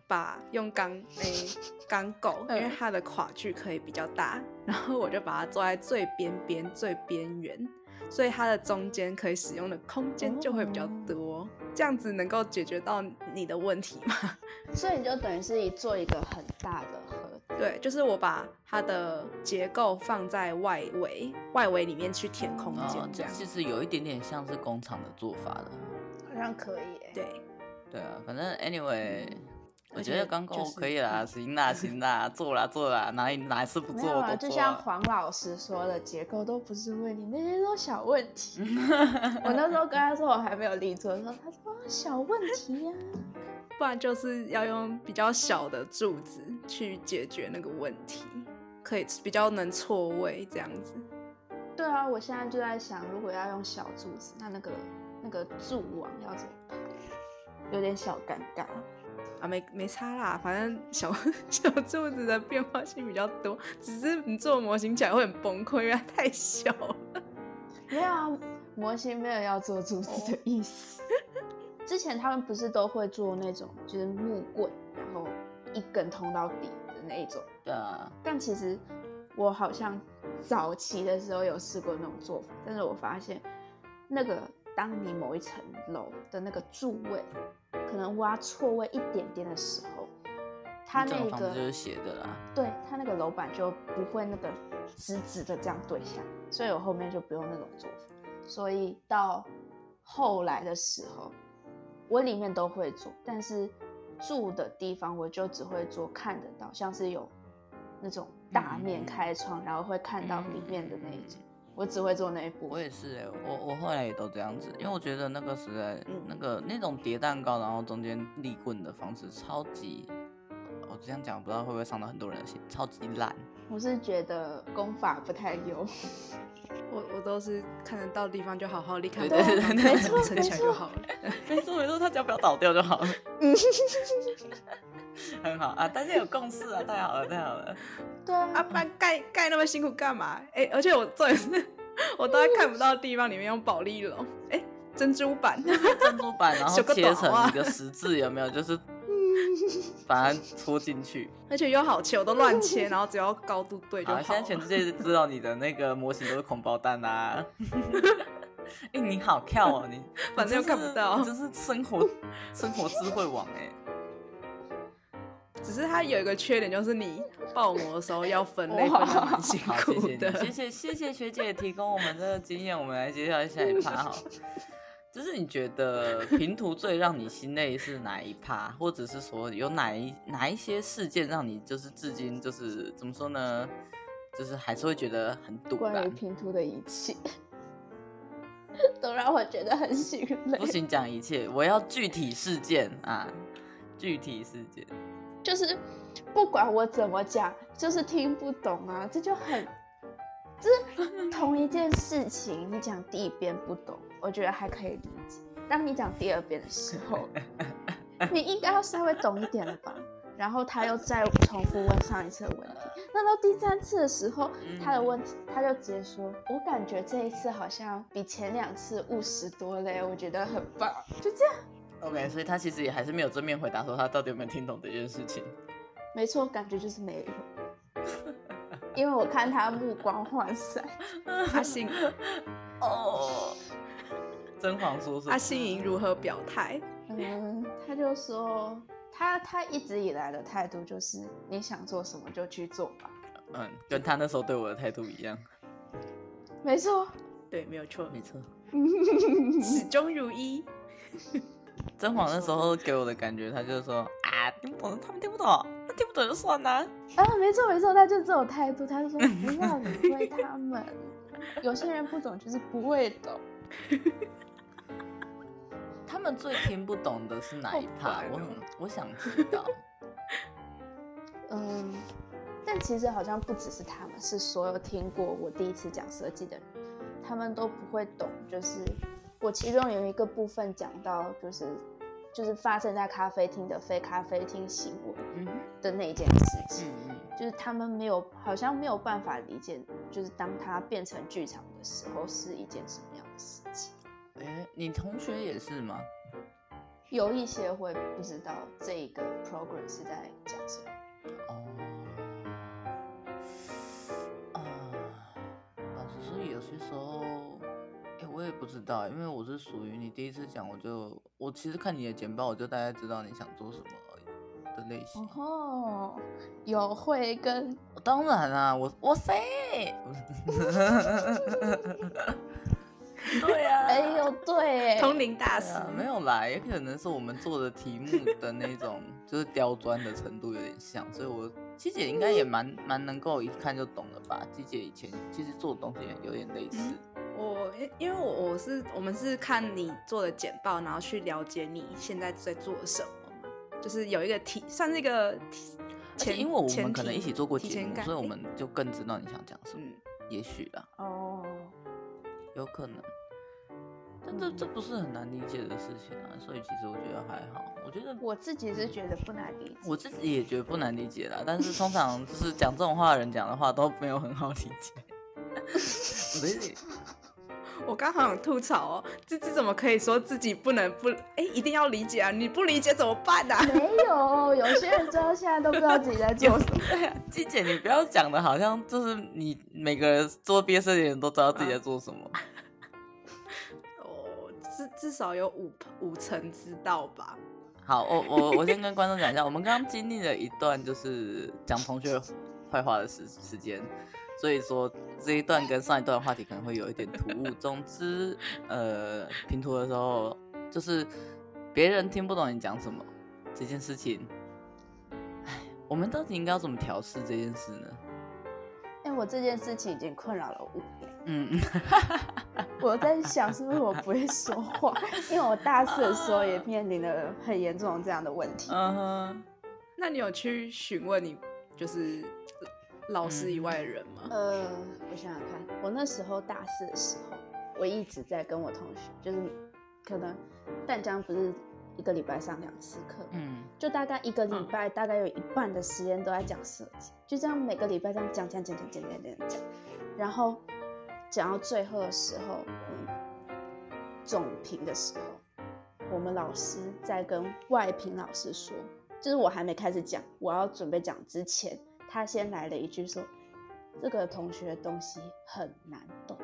把用鋼，欸，鋼構， 因為它的跨距可以比較大，然後我就把它做在最邊邊最邊緣，所以它的中間可以使用的空間就會比較多。嗯，這樣子能夠解決到你的問題嗎？所以你就等於是一做一個很大的。對，就是我把它的結構放在外圍，外圍裡面去填空間，嗯哦。這樣其實有一點點像是工廠的做法的，好像可以欸。對，對啊，反正 anyway。嗯。我覺得剛剛可以了，行啦行啦， 做了做了，哪哪一次不做我都做。沒有啊，就像黃老師說的，結構都不是問題，那些都小問題。 我那時候跟他說，我還沒有立磚的時候，他說小問題呀。啊， 不然就是要用比較小的柱子去解決那個問題，可以比較能錯位這樣子。對啊，我現在就在想，如果要用小柱子，那那個那個柱網要怎麼辦？有點小尷尬。啊，沒沒差啦，反正小小柱子的變化性比較多，只是你做模型起來會很崩潰，因為它太小了。沒有啊，模型沒有要做柱子的意思。Oh. 之前他們不是都會做那種，就是木棍，然後一根通到底的那種的。但其實我好像早期的時候有試過那種做法，但是我發現那個。當你某一層樓的那個柱位，可能挖錯位一點點的時候，它那個就斜的啦。對，它那個樓板就不會那個直直的這樣對向，所以我後面就不用那種做法。所以到後來的時候，我裡面都會做，但是住的地方我就只會做看得到，像是有那種大面開窗，嗯、然後會看到裡面的那一種。我只會做那一步，我也是哎、欸，我我後來也都這樣子，因為我覺得那個時代，嗯、那個那種疊蛋糕然後中間立棍的方式超級，我這樣講不知道會不會傷到很多人的心，超級爛。我是覺得功法不太優， 我我都是看得到地方就好好立看，對對對對對， 撐牆就好了。 沒錯沒錯，他只要不要倒掉就好了。嗯。 很好啊，大家有共識啊， 太好了，太好了。對啊，不然蓋蓋那麼辛苦幹嘛？哎、欸，而且我這也是，我都在看不到的地方裡面用保麗龍，哎、欸，珍珠板， 珍珠板，然後切成一個十字，有沒有？就是，嗯，反正戳進去，而且又好切，我都亂切，然後只要高度對就好，了好。現在全世界都知道你的那個模型都是空包彈啦。哎、 欸，你好跳哦，你 反正又看不到，就是，是生活，生活智慧王哎、欸。只是它有一個缺點，就是你爆模的時候要分類，分類很辛苦的。好好好好，謝謝你。謝謝，謝謝學姐提供我們這個經驗。 我們來介紹下一趴哈。就是你覺得評圖最讓你心累是哪一趴，或者是說有哪一哪一些事件讓你就是至今就是怎麼說呢？就是還是會覺得很堵。關於評圖的一切都讓我覺得很心累。不行，講一切，我要具體事件啊，具體事件。就是不管我怎麼講，就是聽不懂啊，這就很，就是同一件事情，你講第一遍不懂，我覺得還可以理解。當你講第二遍的時候，你應該要稍微懂一點了吧？然後他又再重複問上一次的問題。那到第三次的時候，他的問題他就直接說：“我感覺這一次好像比前兩次務實多了耶，我覺得很棒。”就這樣。OK，所以他其實也還是沒有正面回答說他到底有沒有聽懂這件事情。沒錯，感覺就是沒有， 因為我看他目光渙散 阿信、 哦。阿信，哦，甄嬛說說阿信如何表態？嗯，他就說他他一直以來的態度就是你想做什麼就去做吧。嗯，跟他那時候對我的態度一樣。沒錯，對，沒有錯，沒錯， 始終如一。 鄭爽的時候給我的感覺，他就是說：“啊，聽不懂，他們聽不懂，他聽不懂就算了，啊。”啊，沒錯沒錯，他就這種態度。他就說：“ 不要理會他們，有些人不懂就是不會懂。 ”他們最聽不懂的是哪一派？哦，我很我想知道。 嗯，但其實好像不只是他們，是所有聽過我第一次講設計的人，他們都不會懂。就是我其中有一個部分講到，就是。就是發生在咖啡廳的非咖啡廳行為的那件事情、嗯，就是他們沒有，好像沒有辦法理解，就是當它變成劇場的時候，是一件什麼樣的事情。哎、欸，你同學也是嗎？有一些會不知道這個 program 是在講什麼？哦、嗯，所、呃、以有些時候。我也不知道，因為我是屬於你第一次講，我就我其實看你的簡報，我就大概知道你想做什麼的類型。哦，有慧根，當然啦、啊，我哇塞，我 對啊哎呦，對，通靈大師、啊、沒有來，也可能是我們做的題目的那種 就是刁鑽的程度有點像，所以我季姐應該也蠻蠻、嗯、能夠一看就懂了吧？季姐以前其實做的東西也有點類似。嗯我因為我我是我們是看你做的簡報，然後去了解你現在在做什麼。就是有一個題，算是一個題，而且因為我們可能一起做過節目前，所以我們就更知道你想講什麼。嗯，也許啦，哦、oh.，有可能，但這這不是很難理解的事情啊，所以其實我覺得還好。我覺得我自己是覺得不難理解，嗯，我自己也覺得不難理解啦。 但是通常就是講這種話的人講的話都沒有很好理解， 我的我剛好想吐槽哦，自己怎麼可以說自己不能不哎、欸，一定要理解啊？你不理解怎麼辦啊？沒有，有些人直到現在都不知道自己在做什麼。 金姐，你不要講的好像就是你每個人做畢業設計的人都知道自己在做什麼。啊、哦，至至少有五五成知道吧？好，我我我先跟觀眾講一下， 我們剛剛經歷了一段就是講同學壞話的時時間。所以說這一段跟上一段話題可能會有一點突兀。總之，呃，評圖的時候就是別人聽不懂你講什麼這件事情。哎，我們到底應該要怎麼調適這件事呢？因、欸、哎，我這件事情已經困擾了五年。嗯， 我在想是不是我不會說話，因為我大四的時候也面臨了很嚴重的這樣的問題。嗯哼，那你有去詢問你就是？老師以外的人嗎？嗯，呃，我想想看，我那時候大四的時候，我一直在跟我同學，就是可能，淡江不是一個禮拜上兩次課，嗯，就大概一個禮拜、嗯，大概有一半的時間都在講設計，就這樣每個禮拜這樣講講講講講講講講，然後講到最後的時候，嗯、總評的時候，我們老師在跟外評老師說，就是我還沒開始講，我要準備講之前。他先來了一句說：“這個同學的東西很難懂。”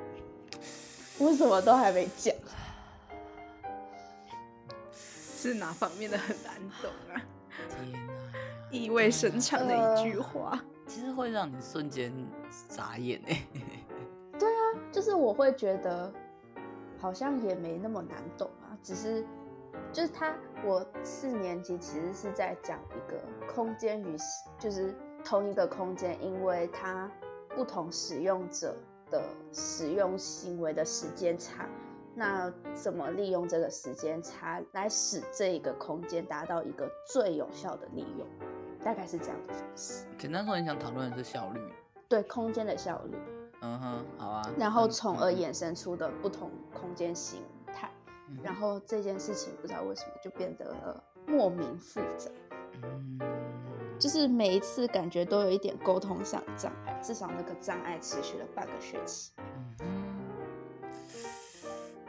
我什麼都還沒講，是哪方面的很難懂啊？啊意味深長的一句話，嗯呃，其實會讓你瞬間眨眼。對啊，就是我會覺得好像也沒那麼難懂啊，只是就是他，我四年級其實是在講一個空間與就是。同一個空間，因為它不同使用者的使用行為的時間差，那怎麼利用這個時間差來使這個空間達到一個最有效的利用？大概是這樣的方式。簡單說，你想討論的是效率，對，空間的效率。嗯哼，好啊。然後，從而衍生出的不同空間形態。Uh-huh. 然後這件事情，不知道為什麼就變得，呃，莫名複雜。Uh-huh. 就是每一次感覺都有一點溝通上障礙，至少那個障礙持續了半個學期。嗯，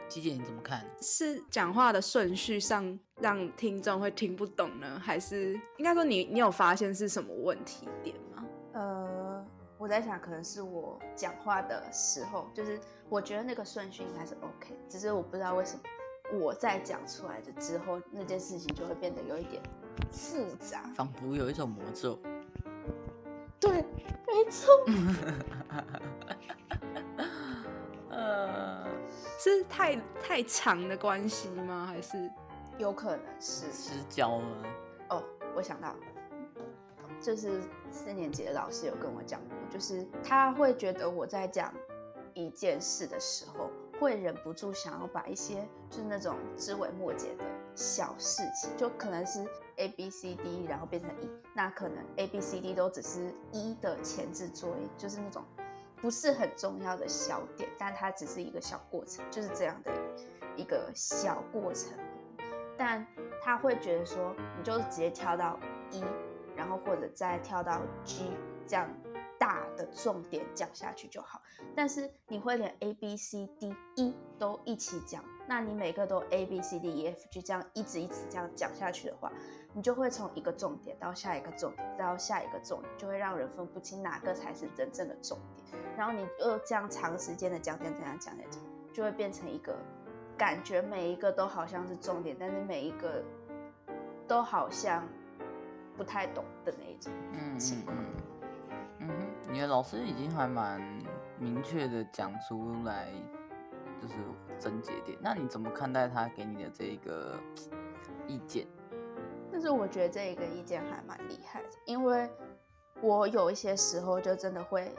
雞姐你怎麼看？是講話的順序上讓聽眾會聽不懂呢，還是應該說你你有發現是什麼問題點嗎？呃，我在想可能是我講話的時候，就是我覺得那個順序應該是 OK，只是我不知道為什麼我在講出來的之後，那件事情就會變得有一點。複雜，仿佛有一種魔咒。對，沒錯。 呃，是，是太太長的關係嗎？還是有可能是失焦嗎？哦，我想到，就是四年級的老師有跟我講過，就是他會覺得我在講一件事的時候。會忍不住想要把一些就是那種枝微末節的小事情，就可能是 A B C D，然後變成 E，那可能 A B C D 都只是 E 的前置作業，就是那種不是很重要的小點，但它只是一個小過程，就是這樣的一個小過程，但他會覺得說，你就直接跳到 E 然後或者再跳到 G，這樣。大的重點講下去就好，但是你會連 A B C D E 都一起講，那你每個都 A B C D E F G 這樣一直一直這樣講下去的話，你就會從一個重點到下一個重點，到下一個重點，就會讓人分不清哪個才是真正的重點。然後你又這樣長時間的講講講講講講，就會變成一個感覺每一個都好像是重點，但是每一個都好像不太懂的那一種情況。嗯嗯嗯。嗯，你的老師已經還蠻明確的講出來，就是症結點。那你怎麼看待他給你的這一個意見？但是我覺得這一個意見還蠻厲害的，因為我有一些時候就真的會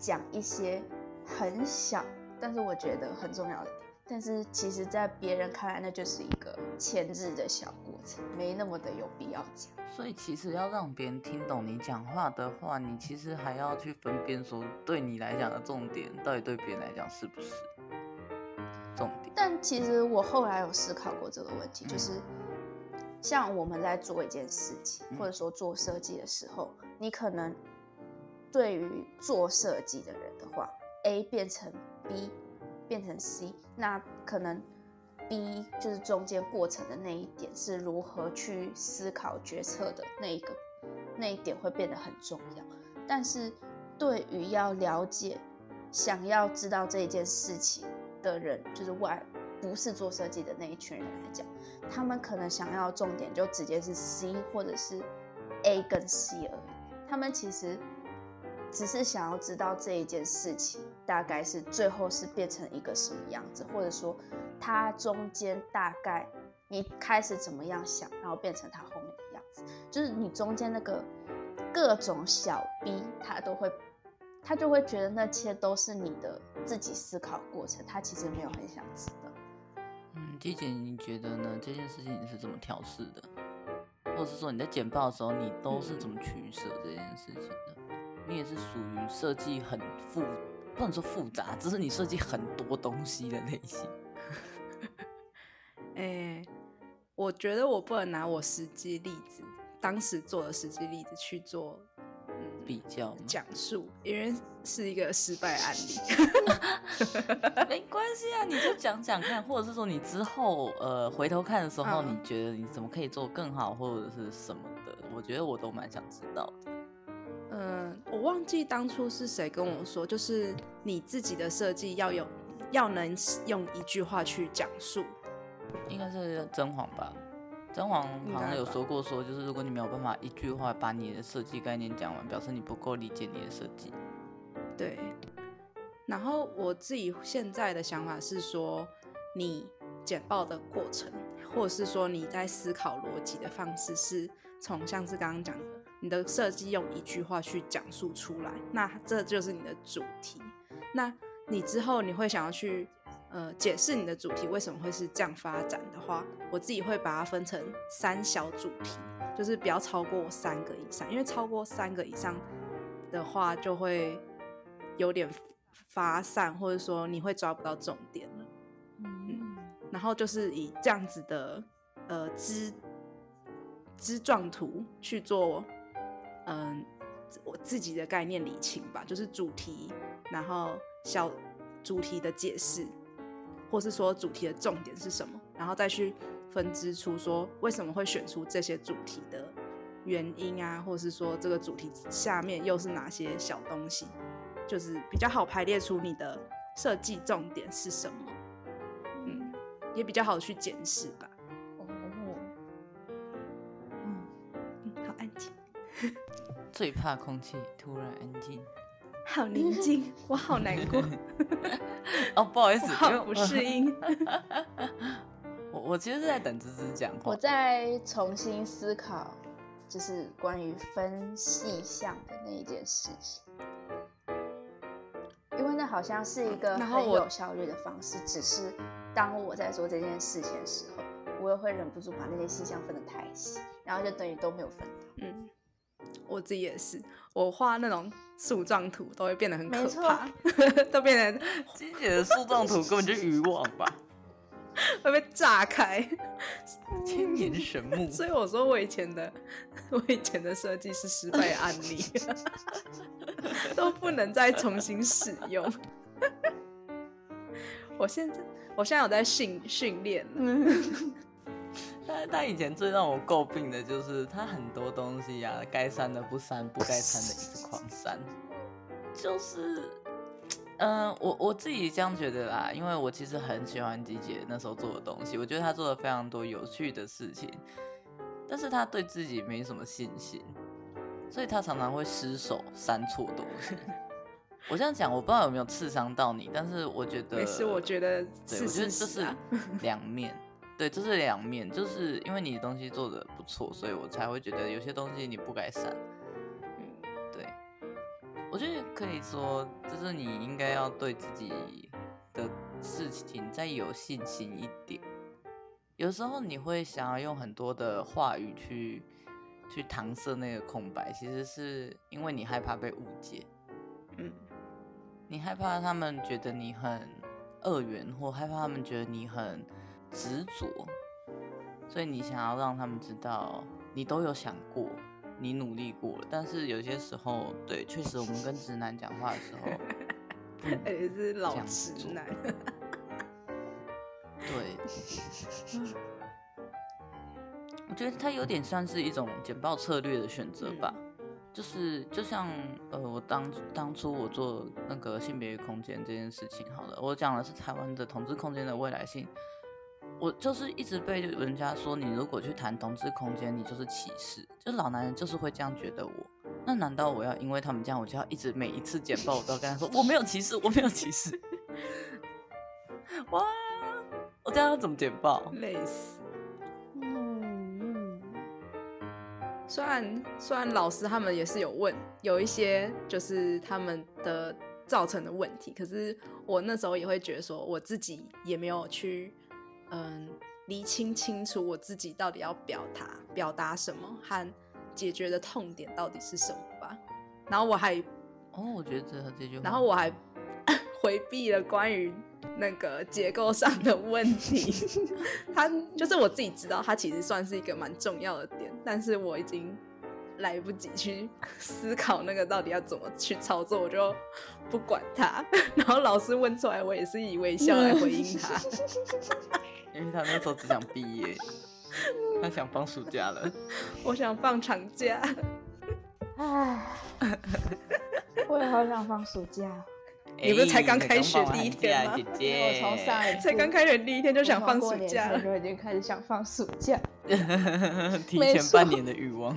講一些很小，但是我覺得很重要的點。但是其實，在別人看來，那就是一個前置的小過程，沒那麼的有必要講。所以，其實要讓別人聽懂你講話的話，你其實還要去分辨說，對你來講的重點，到底對別人來講是不是重點？但其實我後來有思考過這個問題，嗯、就是像我們在做一件事情，或者說做設計的時候、嗯，你可能對於做設計的人的話，A 變成 B，變成 C，那可能 B 就是中間過程的那一點，是如何去思考決策的那一個，那一點會變得很重要。但是，對於要了解、想要知道這一件事情的人，就是外不是做設計的那一群人來講，他們可能想要重點就直接是 C 或者是 A 跟 C 而已。他們其實。只是想要知道這一件事情大概是最後是變成一個什麼樣子，或者說他中間大概你開始怎麼樣想，然後變成他後面的樣子，就是你中間那個各種小逼，他都會，他就會覺得那些都是你的自己思考過程，他其實沒有很想知道。嗯，季姐，姐，你覺得呢？這件事情你是怎麼調試的？或者說你在簡報的時候，你都是怎麼取捨這件事情的？嗯你也是屬於設計很復，不能說複雜，只是你設計很多東西的類型。哎、欸，我覺得我不能拿我實際例子，當時做的實際例子去做、嗯、比較、講述，因為是一個失敗案例。 沒關係啊，你就講講看，或者是說你之後呃回頭看的時候，你覺得你怎麼可以做更好，或者是什麼的？啊、我覺得我都蠻想知道的。嗯、呃，我忘記當初是誰跟我說，就是你自己的設計要有，要能用一句話去講述，應該是甄嬛吧？甄嬛好像有說過說，說就是如果你沒有辦法一句話把你的設計概念講完，表示你不夠理解你的設計。對。然後我自己現在的想法是說，你簡報的過程，或者是說你在思考邏輯的方式，是從像是剛剛講的。你的設計用一句話去講述出來，那這就是你的主題。那你之後你會想要去呃解釋你的主題為什麼會是這樣發展的話，我自己會把它分成三小主題，就是不要超過三個以上，因為超過三個以上的話就會有點發散，或者說你會抓不到重點了。嗯，然後就是以這樣子的呃枝枝狀圖去做。嗯，我自己的概念理清吧，就是主題，然後小主題的解釋，或是說主題的重點是什麼，然後再去分支出說為什麼會選出這些主題的原因啊，或是說這個主題下面又是哪些小東西，就是比較好排列出你的設計重點是什麼，嗯，也比較好去解釋吧。 最怕空氣突然安靜，好寧靜， 我好難過。 哦，不好意思，好不適應。 我我其實是在等吱吱講話。我在重新思考，就是關於分細項的那一件事情，因為那好像是一個很有效率的方式。只是當我在做這件事情的時候，我也會忍不住把那些細項分得太細，然後就等於都沒有分到。嗯。我自己也是，我畫那種樹狀圖都會變得很可怕， 都變成金姐的樹狀圖根本就漁網吧， 會被炸開。千年神木。所以我說我以前的， 我以前的設計是失敗案例， 都不能再重新使用。 我現在，我現在有在訓訓練了他他以前最讓我詬病的就是他很多東西呀、啊，該刪的不刪，不該刪的一直狂刪， 就是，嗯、呃，我我自己這樣覺得啦，因為我其實很喜歡吱姐那時候做的東西，我覺得她做了非常多有趣的事情，但是他對自己沒什麼信心，所以他常常會失手刪錯東西。 我這樣講，我不知道有沒有刺傷到你，但是我覺得，沒事我覺得是是，對，我覺得這是兩面。 對，這是就是兩面，就是因為你的東西做的不錯，所以我才會覺得有些東西你不該刪。嗯，對，我覺得可以說，就是你應該要對自己的事情再有信心一點。有時候你會想要用很多的話語去去搪塞那個空白，其實是因為你害怕被誤解。嗯，你害怕他們覺得你很惡緣，或害怕他們覺得你很執着，所以你想要讓他們知道，你都有想過，你努力過了。但是有些時候，對，確實我們跟直男講話的時候、 嗯，也是老直男。對， 我覺得他有點算是一種簡報策略的選擇吧、嗯，就是就像呃，我當當初我做那個性別空間這件事情，好了，我講的是台灣的同志空間的未來性。我就是一直被人家說，你如果去談同志空間，你就是歧視。就老男人就是會這樣覺得我。那難道我要因為他們這樣，我就要一直每一次簡報，我都要跟他說 我沒有歧視，我沒有歧視？哇！ 我這樣要怎麼簡報？累死。嗯。嗯。雖然雖然老師他們也是有問，有一些就是他們的造成的問題，可是我那時候也會覺得說，我自己也沒有去。嗯，理清清楚我自己到底要表達表達什麼和解決的痛點到底是什麼吧。然後我還哦，我覺得這這句話，然後我還回 避了關於那個結構上的問題。 他就是我自己知道，他其實算是一個蠻重要的點，但是我已經來不及去思考那個到底要怎麼去操作，我就不管他。然後老師問出來，我也是以微笑來回應他。嗯 因為他那時候只想畢業， 他想放暑假了。我想放長假。哎，我也好想放暑假。 你不是才剛開學第一天嗎？欸、姐姐，我 從上海才剛開學第一天就想放暑假了，的時候就已經開始想放暑假。 提前半年的欲望。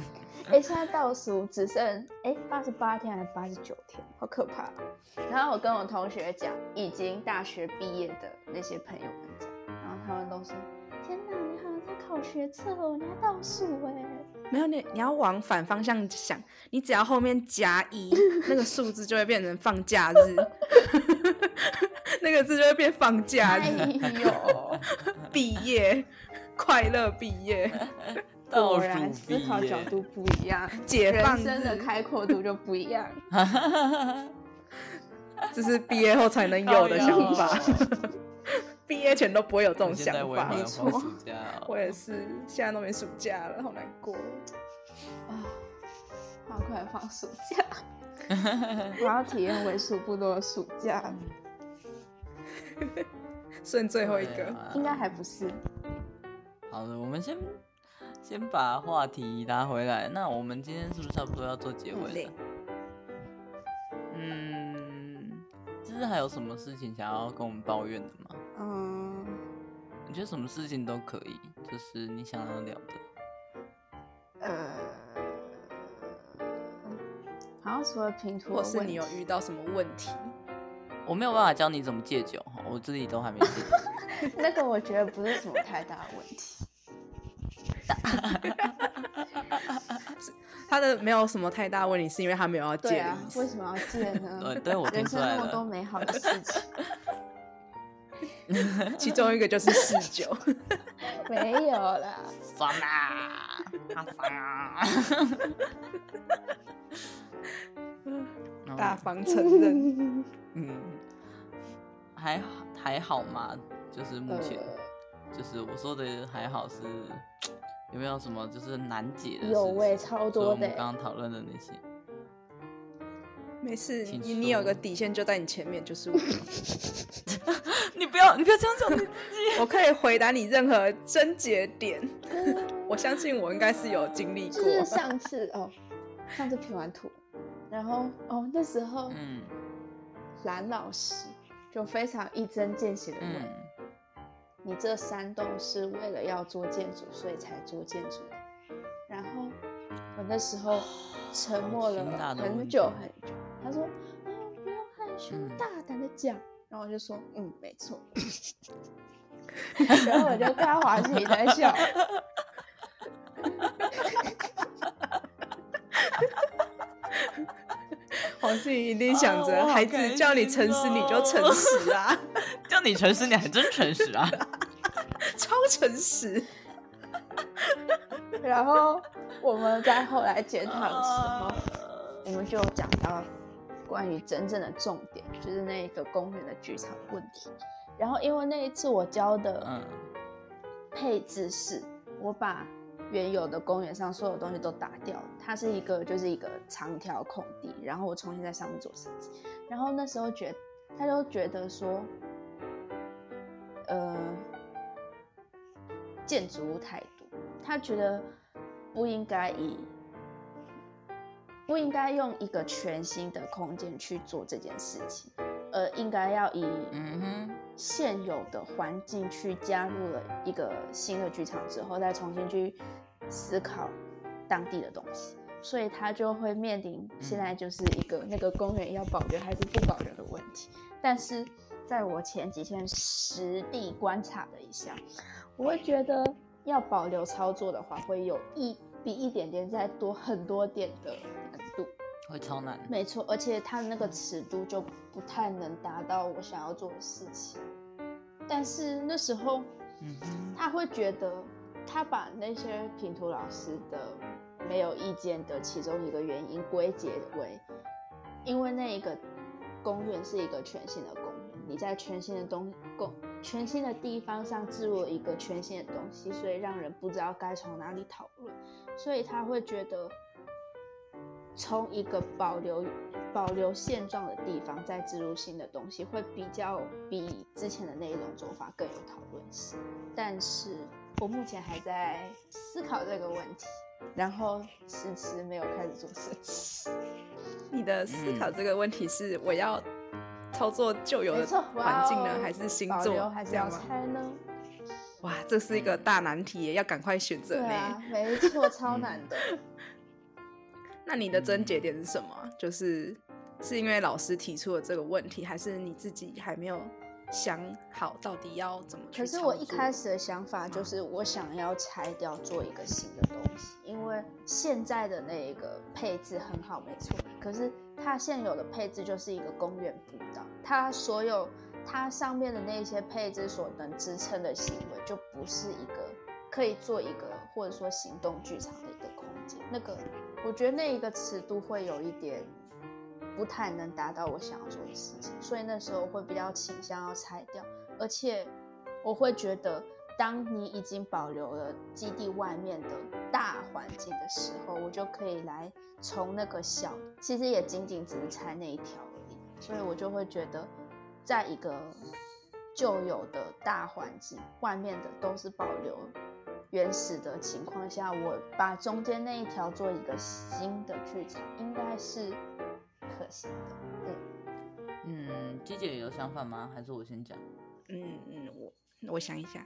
哎、欸，現在倒數只剩哎八十八天還是八十九天？好可怕、啊！然後我跟我同學講，已經大學畢業的那些朋友們。他們都是，天哪！你好像在考學測哦，你要倒數哎。沒有，你你要往反方向想，你只要後面加一， 那個數字就會變成放假日， 那個字就會變放假日哦，畢、哎、 業，快樂畢業。果然，思考角度不一樣，解放字，人生的開闊度就不一樣。 這是畢業後才能有的想法。 畢業前都不會有這種想法，沒錯。我也是， 現在都沒暑假了，好難過啊！好快放暑假，我要體驗為數不多的暑假。剩 最後一個， 應該還不是。好的，我們先先把話題拉回來。那我們今天是不是差不多要做結尾了？嗯，就、嗯、是還有什麼事情想要跟我們抱怨的嗎？嗯，你覺得什麼事情都可以，就是你想要聊的。呃，好像除了拼圖的，或是你有遇到什麼問題？我沒有辦法教你怎麼戒酒，我自己都還沒戒。 那個我覺得不是什麼太大問題。 他的沒有什麼太大問題，是因為他沒有戒啊？為什麼要戒呢？呃，對，我聽出來麼多美好的事情。 其中一個就是四九，沒有啦，瘋啊，好瘋啊， Okay . 大方承認， 嗯，還好還好嘛，就是目前、呃，就是我說的還好是有沒有什麼就是難解的？有哎，超多的，所以我們剛剛討論的那些。沒事，你你有個底線就在你前面，就是我。 你不要，你不要這樣講 我可以回答你任何癥結點。 我相信我應該是有經歷過。就是上次哦，上次評完圖，然後 哦，那時候，嗯，藍老師就非常一針見血的問，嗯，你這山洞是為了要做建築，所以才做建築。然後我那時候沉默了很久，哦，很久。很久他說、嗯：“我不要害羞，大膽的講。”然後我就說：“嗯，沒錯。 ”然後我就看黃信宇在笑。 黃信宇一定想着：“孩子叫你誠實，你就誠實啊！Oh, 哦、 叫你誠實，你還真誠實啊！ 超誠實。 ”然後我們在後來檢討的時候，oh, 我們就講到。關於真正的重點就是那一個公園的劇場問題，然後因為那一次我教的配置是我把原有的公園上所有東西都打掉，它是一個就是一個長條空地，然後我重新在上面做設計，然後那時候覺他就覺得說，呃，建築物太多，他覺得不應該以。不應該用一個全新的空間去做這件事情，而應該要以嗯現有的環境去加入了一個新的劇場之後，再重新去思考當地的東西。所以，他就會面臨現在就是一個那個公園要保留還是不保留的問題。但是，在我前幾天實地觀察了一下，我會覺得要保留操作的話，會有一比一點點再多很多點的。會超難，沒錯，而且他的那個尺度就不太能達到我想要做的事情。嗯、但是那時候，嗯、他會覺得，他把那些評圖老師的沒有意見的其中一個原因歸結為，因為那一個公園是一個全新的公園，你在全新的東公全新的地方上置入一個全新的東西，所以讓人不知道該從哪裡討論，所以他會覺得。從一個保留保留現狀的地方再植入新的東西，會比較比之前的那一種做法更有討論性。但是我目前還在思考這個問題， 然後遲遲沒有開始做設計。你的思考這個問題是我要操作舊有的環境呢，還是新做？還是，還是要拆呢？這樣嗎？哇，這是一個大難題耶、嗯、要趕快選擇呢、啊。沒錯，超難的。 那你的症結點是什麼？就是是因為老師提出了這個問題，還是你自己還沒有想好到底要怎麼去？可是我一開始的想法就是，我想要拆掉做一個新的東西，因為現在的那一個配置很好沒錯，可是它現有的配置就是一個公園步道，它所有它上面的那些配置所能支撐的行為，就不是一個可以做一個或者說行動劇場的一個空間，那個。我覺得那一個尺度會有一點不太能達到我想要做的事情，所以那時候我會比較傾向要拆掉。而且我會覺得，當你已經保留了基地外面的大環境的時候，我就可以來從那個小，其實也僅僅只是拆那一條而已。所以我就會覺得，在一個舊有的大環境外面的都是保留。原始的情況下，我把中間那一條做一個新的劇場，應該是可行的。嗯嗯，雞姐也有想法嗎？還是我先講？嗯嗯，我我想一下。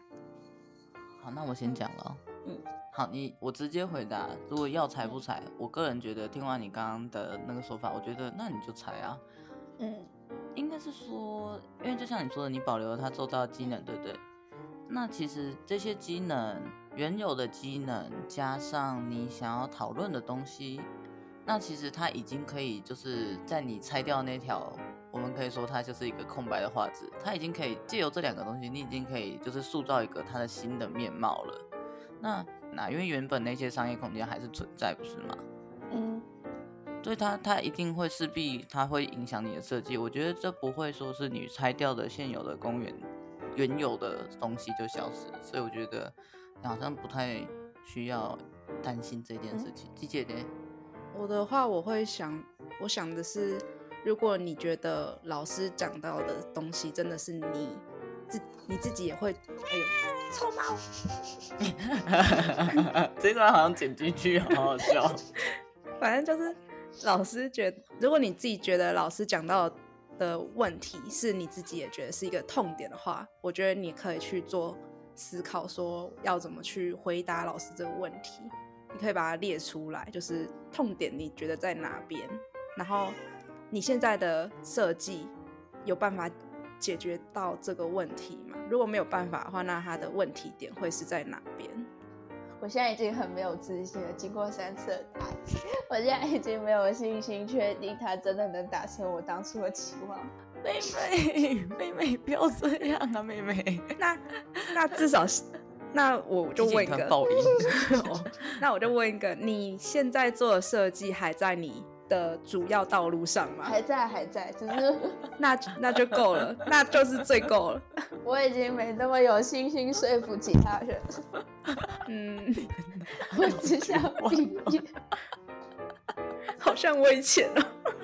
好，那我先講了。嗯，好，你我直接回答。如果要裁不裁，嗯，我個人覺得，聽完你剛剛的那個說法，我覺得那你就裁啊。嗯，應該是說，因為就像你說的，你保留了周遭的機能，對不對？那其實這些機能。原有的機能加上你想要討論的東西，那其實它已經可以就是在你拆掉那條，我們可以說它就是一個空白的畫紙，它已經可以借由這兩個東西，你已經可以就是塑造一個它的新的面貌了。那哪？因為原本那些商業空間還是存在，不是嗎？嗯，所以它，它一定會勢必它會影響你的設計。我覺得這不會說是你拆掉的現有的公園原有的東西就消失，所以我覺得。好像不太需要擔心這件事情。季、嗯、姐，姐呢？我的話，我會想，我想的是，如果你覺得老師講到的東西真的是你自你自己也會，哎呦，臭貓！這段好像剪進去，好好笑。， 反正就是老師覺得，如果你自己覺得老師講到的問題是你自己也覺得是一個痛點的話，我覺得你可以去做。思考說要怎麼去回答老師這個問題，你可以把它列出來，就是痛點你覺得在哪邊，然後你現在的設計有辦法解決到這個問題嗎？如果沒有辦法的話，那他的問題點會是在哪邊？我現在已經很沒有自信了，經過三次的打擊， 我現在已經沒有信心確定他真的能達成我當初的期望。妹妹，妹妹，不要這樣啊！妹妹， 那那至少是，那我就問一個， 那我就問一個，你現在做的設計還在你的主要道路上嗎？還在，還在，只是那那就夠了，那就是最夠了。我已經沒那麼有信心說服其他人。 嗯， 我只想問 好像我以前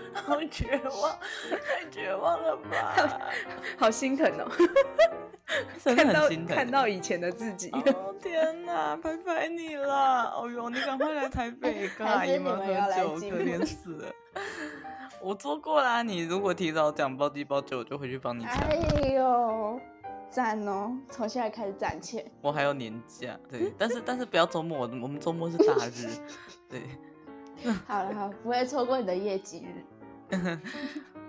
好絕望，太絕望了吧！好，好心疼哦， 看到真的很心疼的看到以前的自己。哦天哪，拜拜你了。哦呦，你趕快來台北跟阿姨媽喝酒，可憐死。我做過了、啊，你如果提早講包地包酒，我就回去幫你講。哎呦，讚哦，從現在開始攢錢。我還有年假，對，但是但是不要周末，我，我們周末是大日， 對。 好了好，不會錯過你的業績日。呵呵，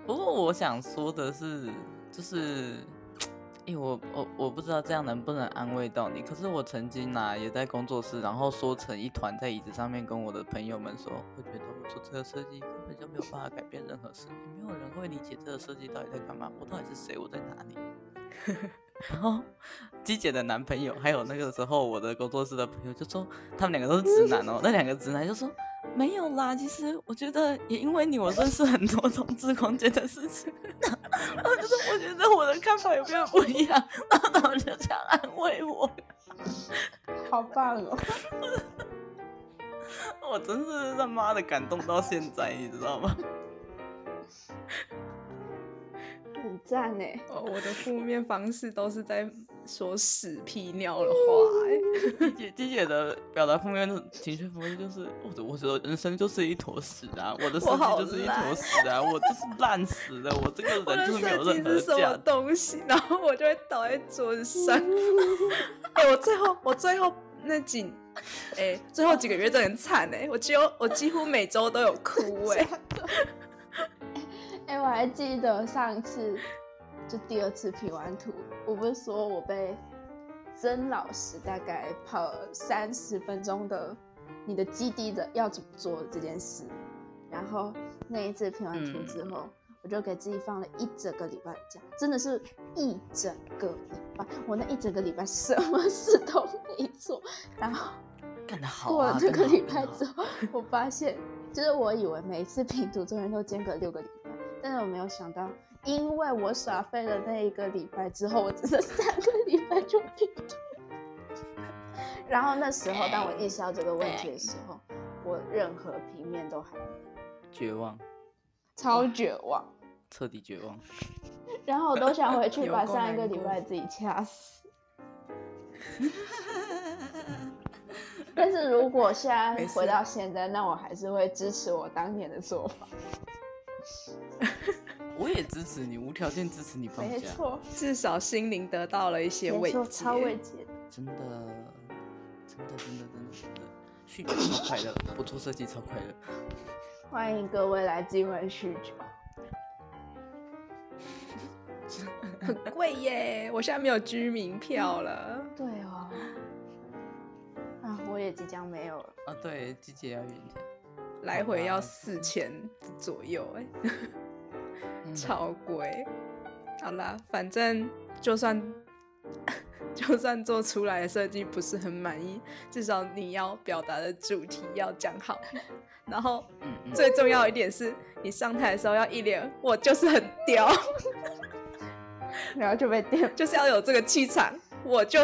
不過我想說的是，就是，哎、欸，我我我不知道這樣能不能安慰到你。可是我曾經吶、啊、也在工作室，然後縮成一團在椅子上面，跟我的朋友們說，我覺得我做這個設計根本就沒有辦法改變任何事情，沒有人會理解這個設計到底在幹嘛，我到底是誰，我在哪裡。 然後，雞姐的男朋友，還有那個時候我的工作室的朋友，就說他們兩個都是直男哦、喔。那兩個直男就說沒有啦。其實我覺得也因為你，我認識很多同志空間的事情。然後就是我覺得我的看法有沒有不一樣？然後他們就這樣安慰我，好棒哦、喔！ 我真是他媽的感動到現在，你知道嗎？很讚哎！哦，我的負面方式都是在說屎、屁、尿的話哎、欸。姐、嗯，金 姐的表達負面的情緒方式就是，我我覺得人生就是一坨屎啊，我的身體就是一坨屎啊，我，我就是爛死的，我這個人就是沒有任何價值。然後我就會倒在桌子上。哎、嗯， 我最後我最後那幾哎、欸，最後幾個月都很慘哎、欸，我幾乎我幾乎每周都有哭哎、欸。哎、欸，我還記得上一次就第二次拼完圖，我不是說我被曾老師大概泡了三十分鐘的你的基地的要怎麼做這件事，然後那一次拼完圖之後，嗯、我就給自己放了一整個禮拜假，真的是一整個禮拜，我那一整個禮拜什麼事都沒做，然後過了這個禮拜之後，我發現就是我以為每一次拼圖中間都間隔六個禮拜。但是我沒有想到，因為我耍廢了那一個禮拜之後，我只剩三個禮拜就評圖。然後那時候，當我意識到這個問題的時候，我任何平面都還沒有，絕望，超絕望，徹底絕望。然後我都想回去把上一個禮拜自己掐死。啊。但是如果現在回到現在，那我還是會支持我當年的做法。 我也支持你，無條件支持你放下。沒錯，至少心靈得到了一些慰藉。超慰藉。真的，真的，真的，真的，真的，酗酒超快樂， 不錯，設計超快樂。歡迎各位來機會酗酒。 很貴耶，我現在沒有居民票了。嗯，對哦。啊，我也即將沒有了。啊，對，季節要遠點來回要四千左右哎，超貴。好啦，反正就算就算做出來的設計不是很滿意，至少你要表達的主題要講好。然後嗯嗯最重要一點是你上台的時候要一臉我就是很屌，然後就被電，就是要有這個氣場。我就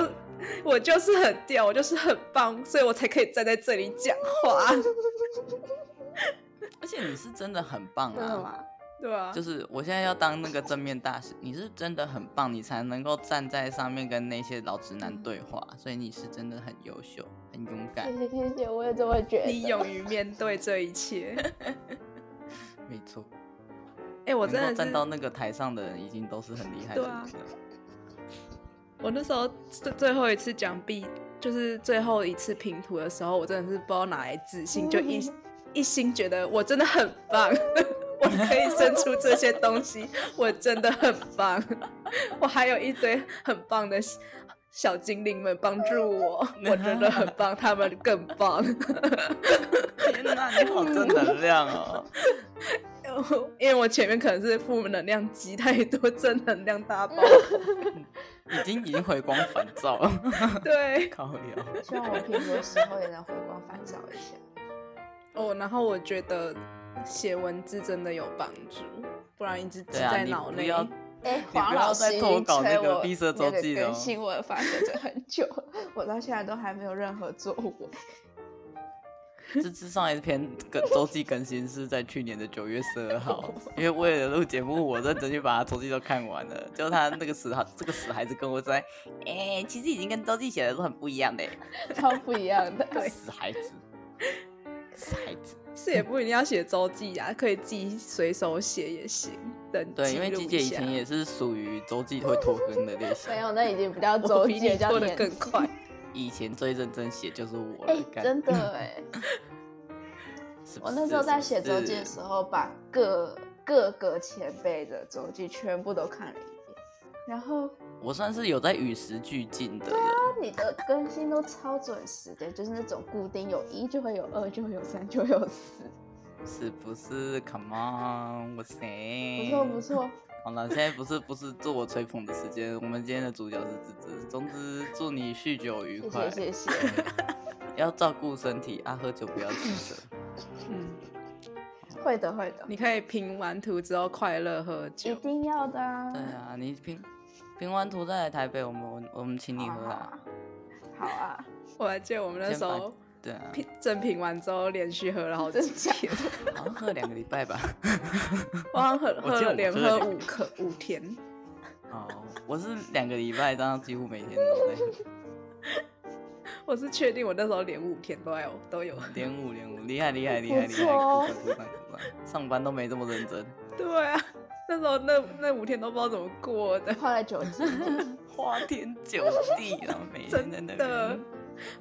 我就是很屌，我就是很棒，所以我才可以站在這裡講話。 而且你是真的很棒啊，嗯、啊，對啊，就是我現在要當那個正面大使，你是真的很棒，你才能夠站在上面跟那些老直男對話，所以你是真的很優秀、很勇敢。謝謝謝謝，我也這麼覺得。你勇於面對這一切， 沒錯。哎，欸，我真的站到那個台上的人已經都是很厲害的人。對啊。我那時候最最後一次講 B，就是最後一次評圖的時候，我真的是不知道哪來自信，就一。 一心覺得我真的很棒，我可以生出這些東西，我真的很棒，我還有一堆很棒的小精靈們幫助我，我真的很棒，他們更棒。天哪，啊，你好正能量哦。因為我前面可能是負能量積太多，正能量大爆，已經已經回光返照了。對，希望我平時的時候也能回光返照一下。哦，然後我覺得寫文字真的有幫助，不然一直積在腦內。哎，黃老師，你不要再偷搞那個《閉塞週記》的更新，我發現很久， 我到現在都還沒有任何作物。這次上一篇《週記》更新是在去年的九月十二號， 因為為了錄節目，我認真去把他《週記》都看完了。就他那個死孩， 這個死孩子跟我在，哎、欸，其實已經跟週記寫的都很不一樣的、欸、超不一樣的， 對，死孩子。孩子是也不一定要寫周記啊，可以自己隨手寫也行。對，因為吱姐以前也是屬於周記會拖更的類型。 沒有，那已經不叫周記，過得更快。 以前最認真寫就是我了，欸、真的哎、欸。 我那時候在寫周記的時候，是是把各各個前輩的周記全部都看了一遍， 然後。我算是有在與時俱進的。對啊，你的更新都超準時的，就是那種固定有一就會有二，就會有三，就會有四，是不是？Come on， 我行。不錯不錯。好了，現在不是不是自我吹捧的時間， 我們今天的主角是吱吱。總之，祝你酗酒愉快，謝謝。謝謝 要照顧身體，啊喝酒，不要出事。 嗯，會的會的。你可以評完圖之後快樂喝酒。一定要的啊。對啊，你評。評完圖再來台北，我們我們請你喝、啊好啊。好啊，我還記得。我們那時候，對、啊，品真評完之後連續喝了好幾天，真好像喝了兩個禮拜吧。啊、 我好像喝喝連喝五個 五天。哦，我是兩個禮拜，但幾乎每天都在喝。 我是確定我那時候連五天都有都有喝。連五連五，厲害厲害厲害厲害！不錯、哦，上班都沒這麼認真。對啊。那時候那那五天都不知道怎麼過的，花天酒地， 花天酒地，然後每天真的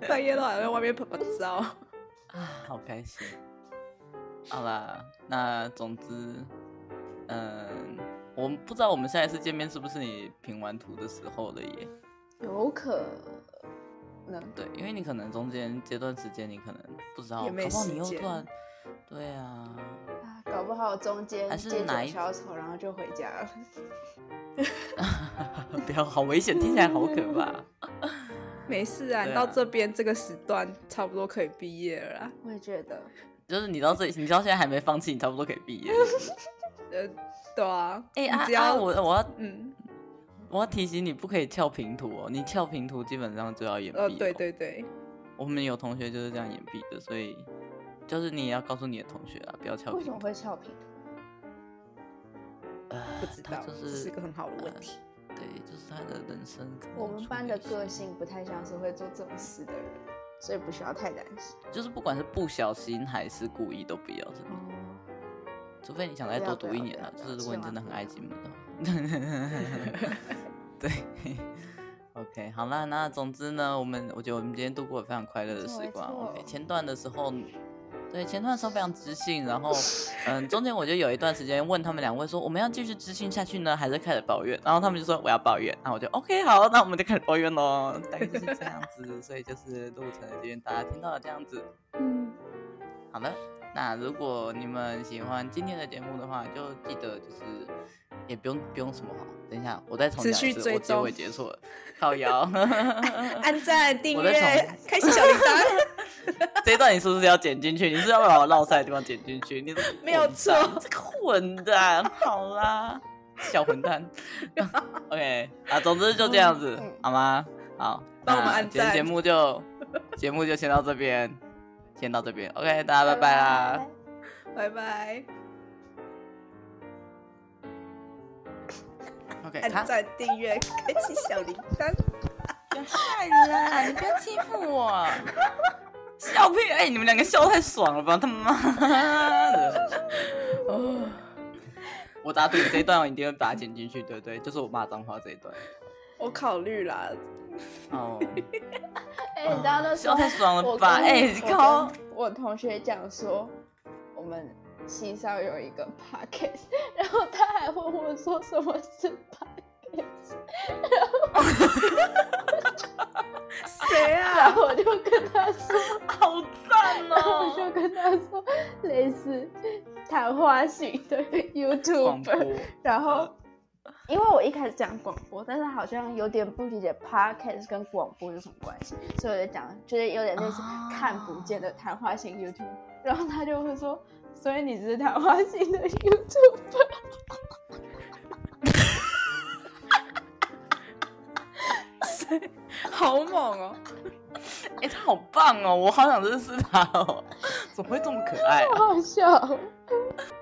半夜都還在外面拍拍照， 啊，好開心。好啦，那總之，嗯、呃，我們不知道我們下一次見面是不是你評完圖的時候了耶？有可能對，因為你可能中間這段時間你可能不知道，可能你又突然，對呀、啊。搞不好中間接住小丑，然後就回家了。 不要，好危險， 聽起來好可怕。沒事啊，啊你到這邊這個時段差不多可以畢業了。我也覺得，就是你到這裡，你到道現在還沒放棄，你差不多可以畢業。呃， 對啊。哎、欸，只要、啊啊、我我要嗯，我要提醒你不可以跳評圖哦，你跳評圖基本上就要延畢、哦。呃，對對對，我們有同學就是這樣延畢的，所以。就是你要告訴你的同學啊，不要翹。為什麼會翹評呃？不知道。這是一個很好的問題呃。對，就是他的人生。我們班的個性不太像是會做這種事的人，所以不需要太擔心。就是不管是不小心還是故意，都不要真的嗯。除非你想再多讀一年啊，就是如果你真的很愛金門 對。OK，好啦，那總之呢，我們我覺得我們今天度過了非常快樂的時光。Okay，前段的時候。嗯對，前段時候非常知性，然後，嗯，中間我就有一段時間問他們兩位說，我們要繼續知性下去呢，還是開始抱怨？然後他們就說我要抱怨，然後我就 OK 好，那我們就開始抱怨嘍， 大概就是這樣子，所以就是錄成今天大家聽到的這樣子。嗯，好的，那如果你們喜歡今天的節目的話，就記得就是也不用不用什麼哈，等一下我再重講一次，我結尾截錯了，靠腰，按 讚、啊、訂閱，我開始。小鈴鐺。這一段你是不是要剪進去？你是，不是要把我落賽的地方剪進去？你是沒有錯，這個混蛋，好啦，小混蛋 ，OK 啊，總之就這樣子，嗯嗯、好嗎？好，那我們按、啊、今天節目就節目就先到這邊，先到這邊，OK，大家拜拜啦，拜拜。拜拜 OK，按讚、訂閱，開啟小鈴鐺。 下人啦，你不要欺負我。 笑屁！哎、欸，你們兩個笑太爽了吧？他媽的！ oh. 我答對這一段我一定會把它剪進去，對，對對，就是我罵髒話這一段。我考慮啦。哦、oh. 欸。哎、oh.，你大家都笑太爽了吧？哎，然後我同學講說， 我們系上有一個 podcast 然後他還問我說什麼是派？誰啊？然後我就跟他說好讚哦，我就跟他說類似談話型的 YouTuber。然後因為我一開始講廣播，但是好像有點不理解 podcast 跟廣播有什麼關係，所以我就講覺得有點類似看不見的談話型 YouTube。然後他就會說，所以你是談話型的 YouTube。 誰 好猛哦！哎、 欸，他好棒哦，我好想認識他哦， 怎麼會這麼可愛、啊？好好笑。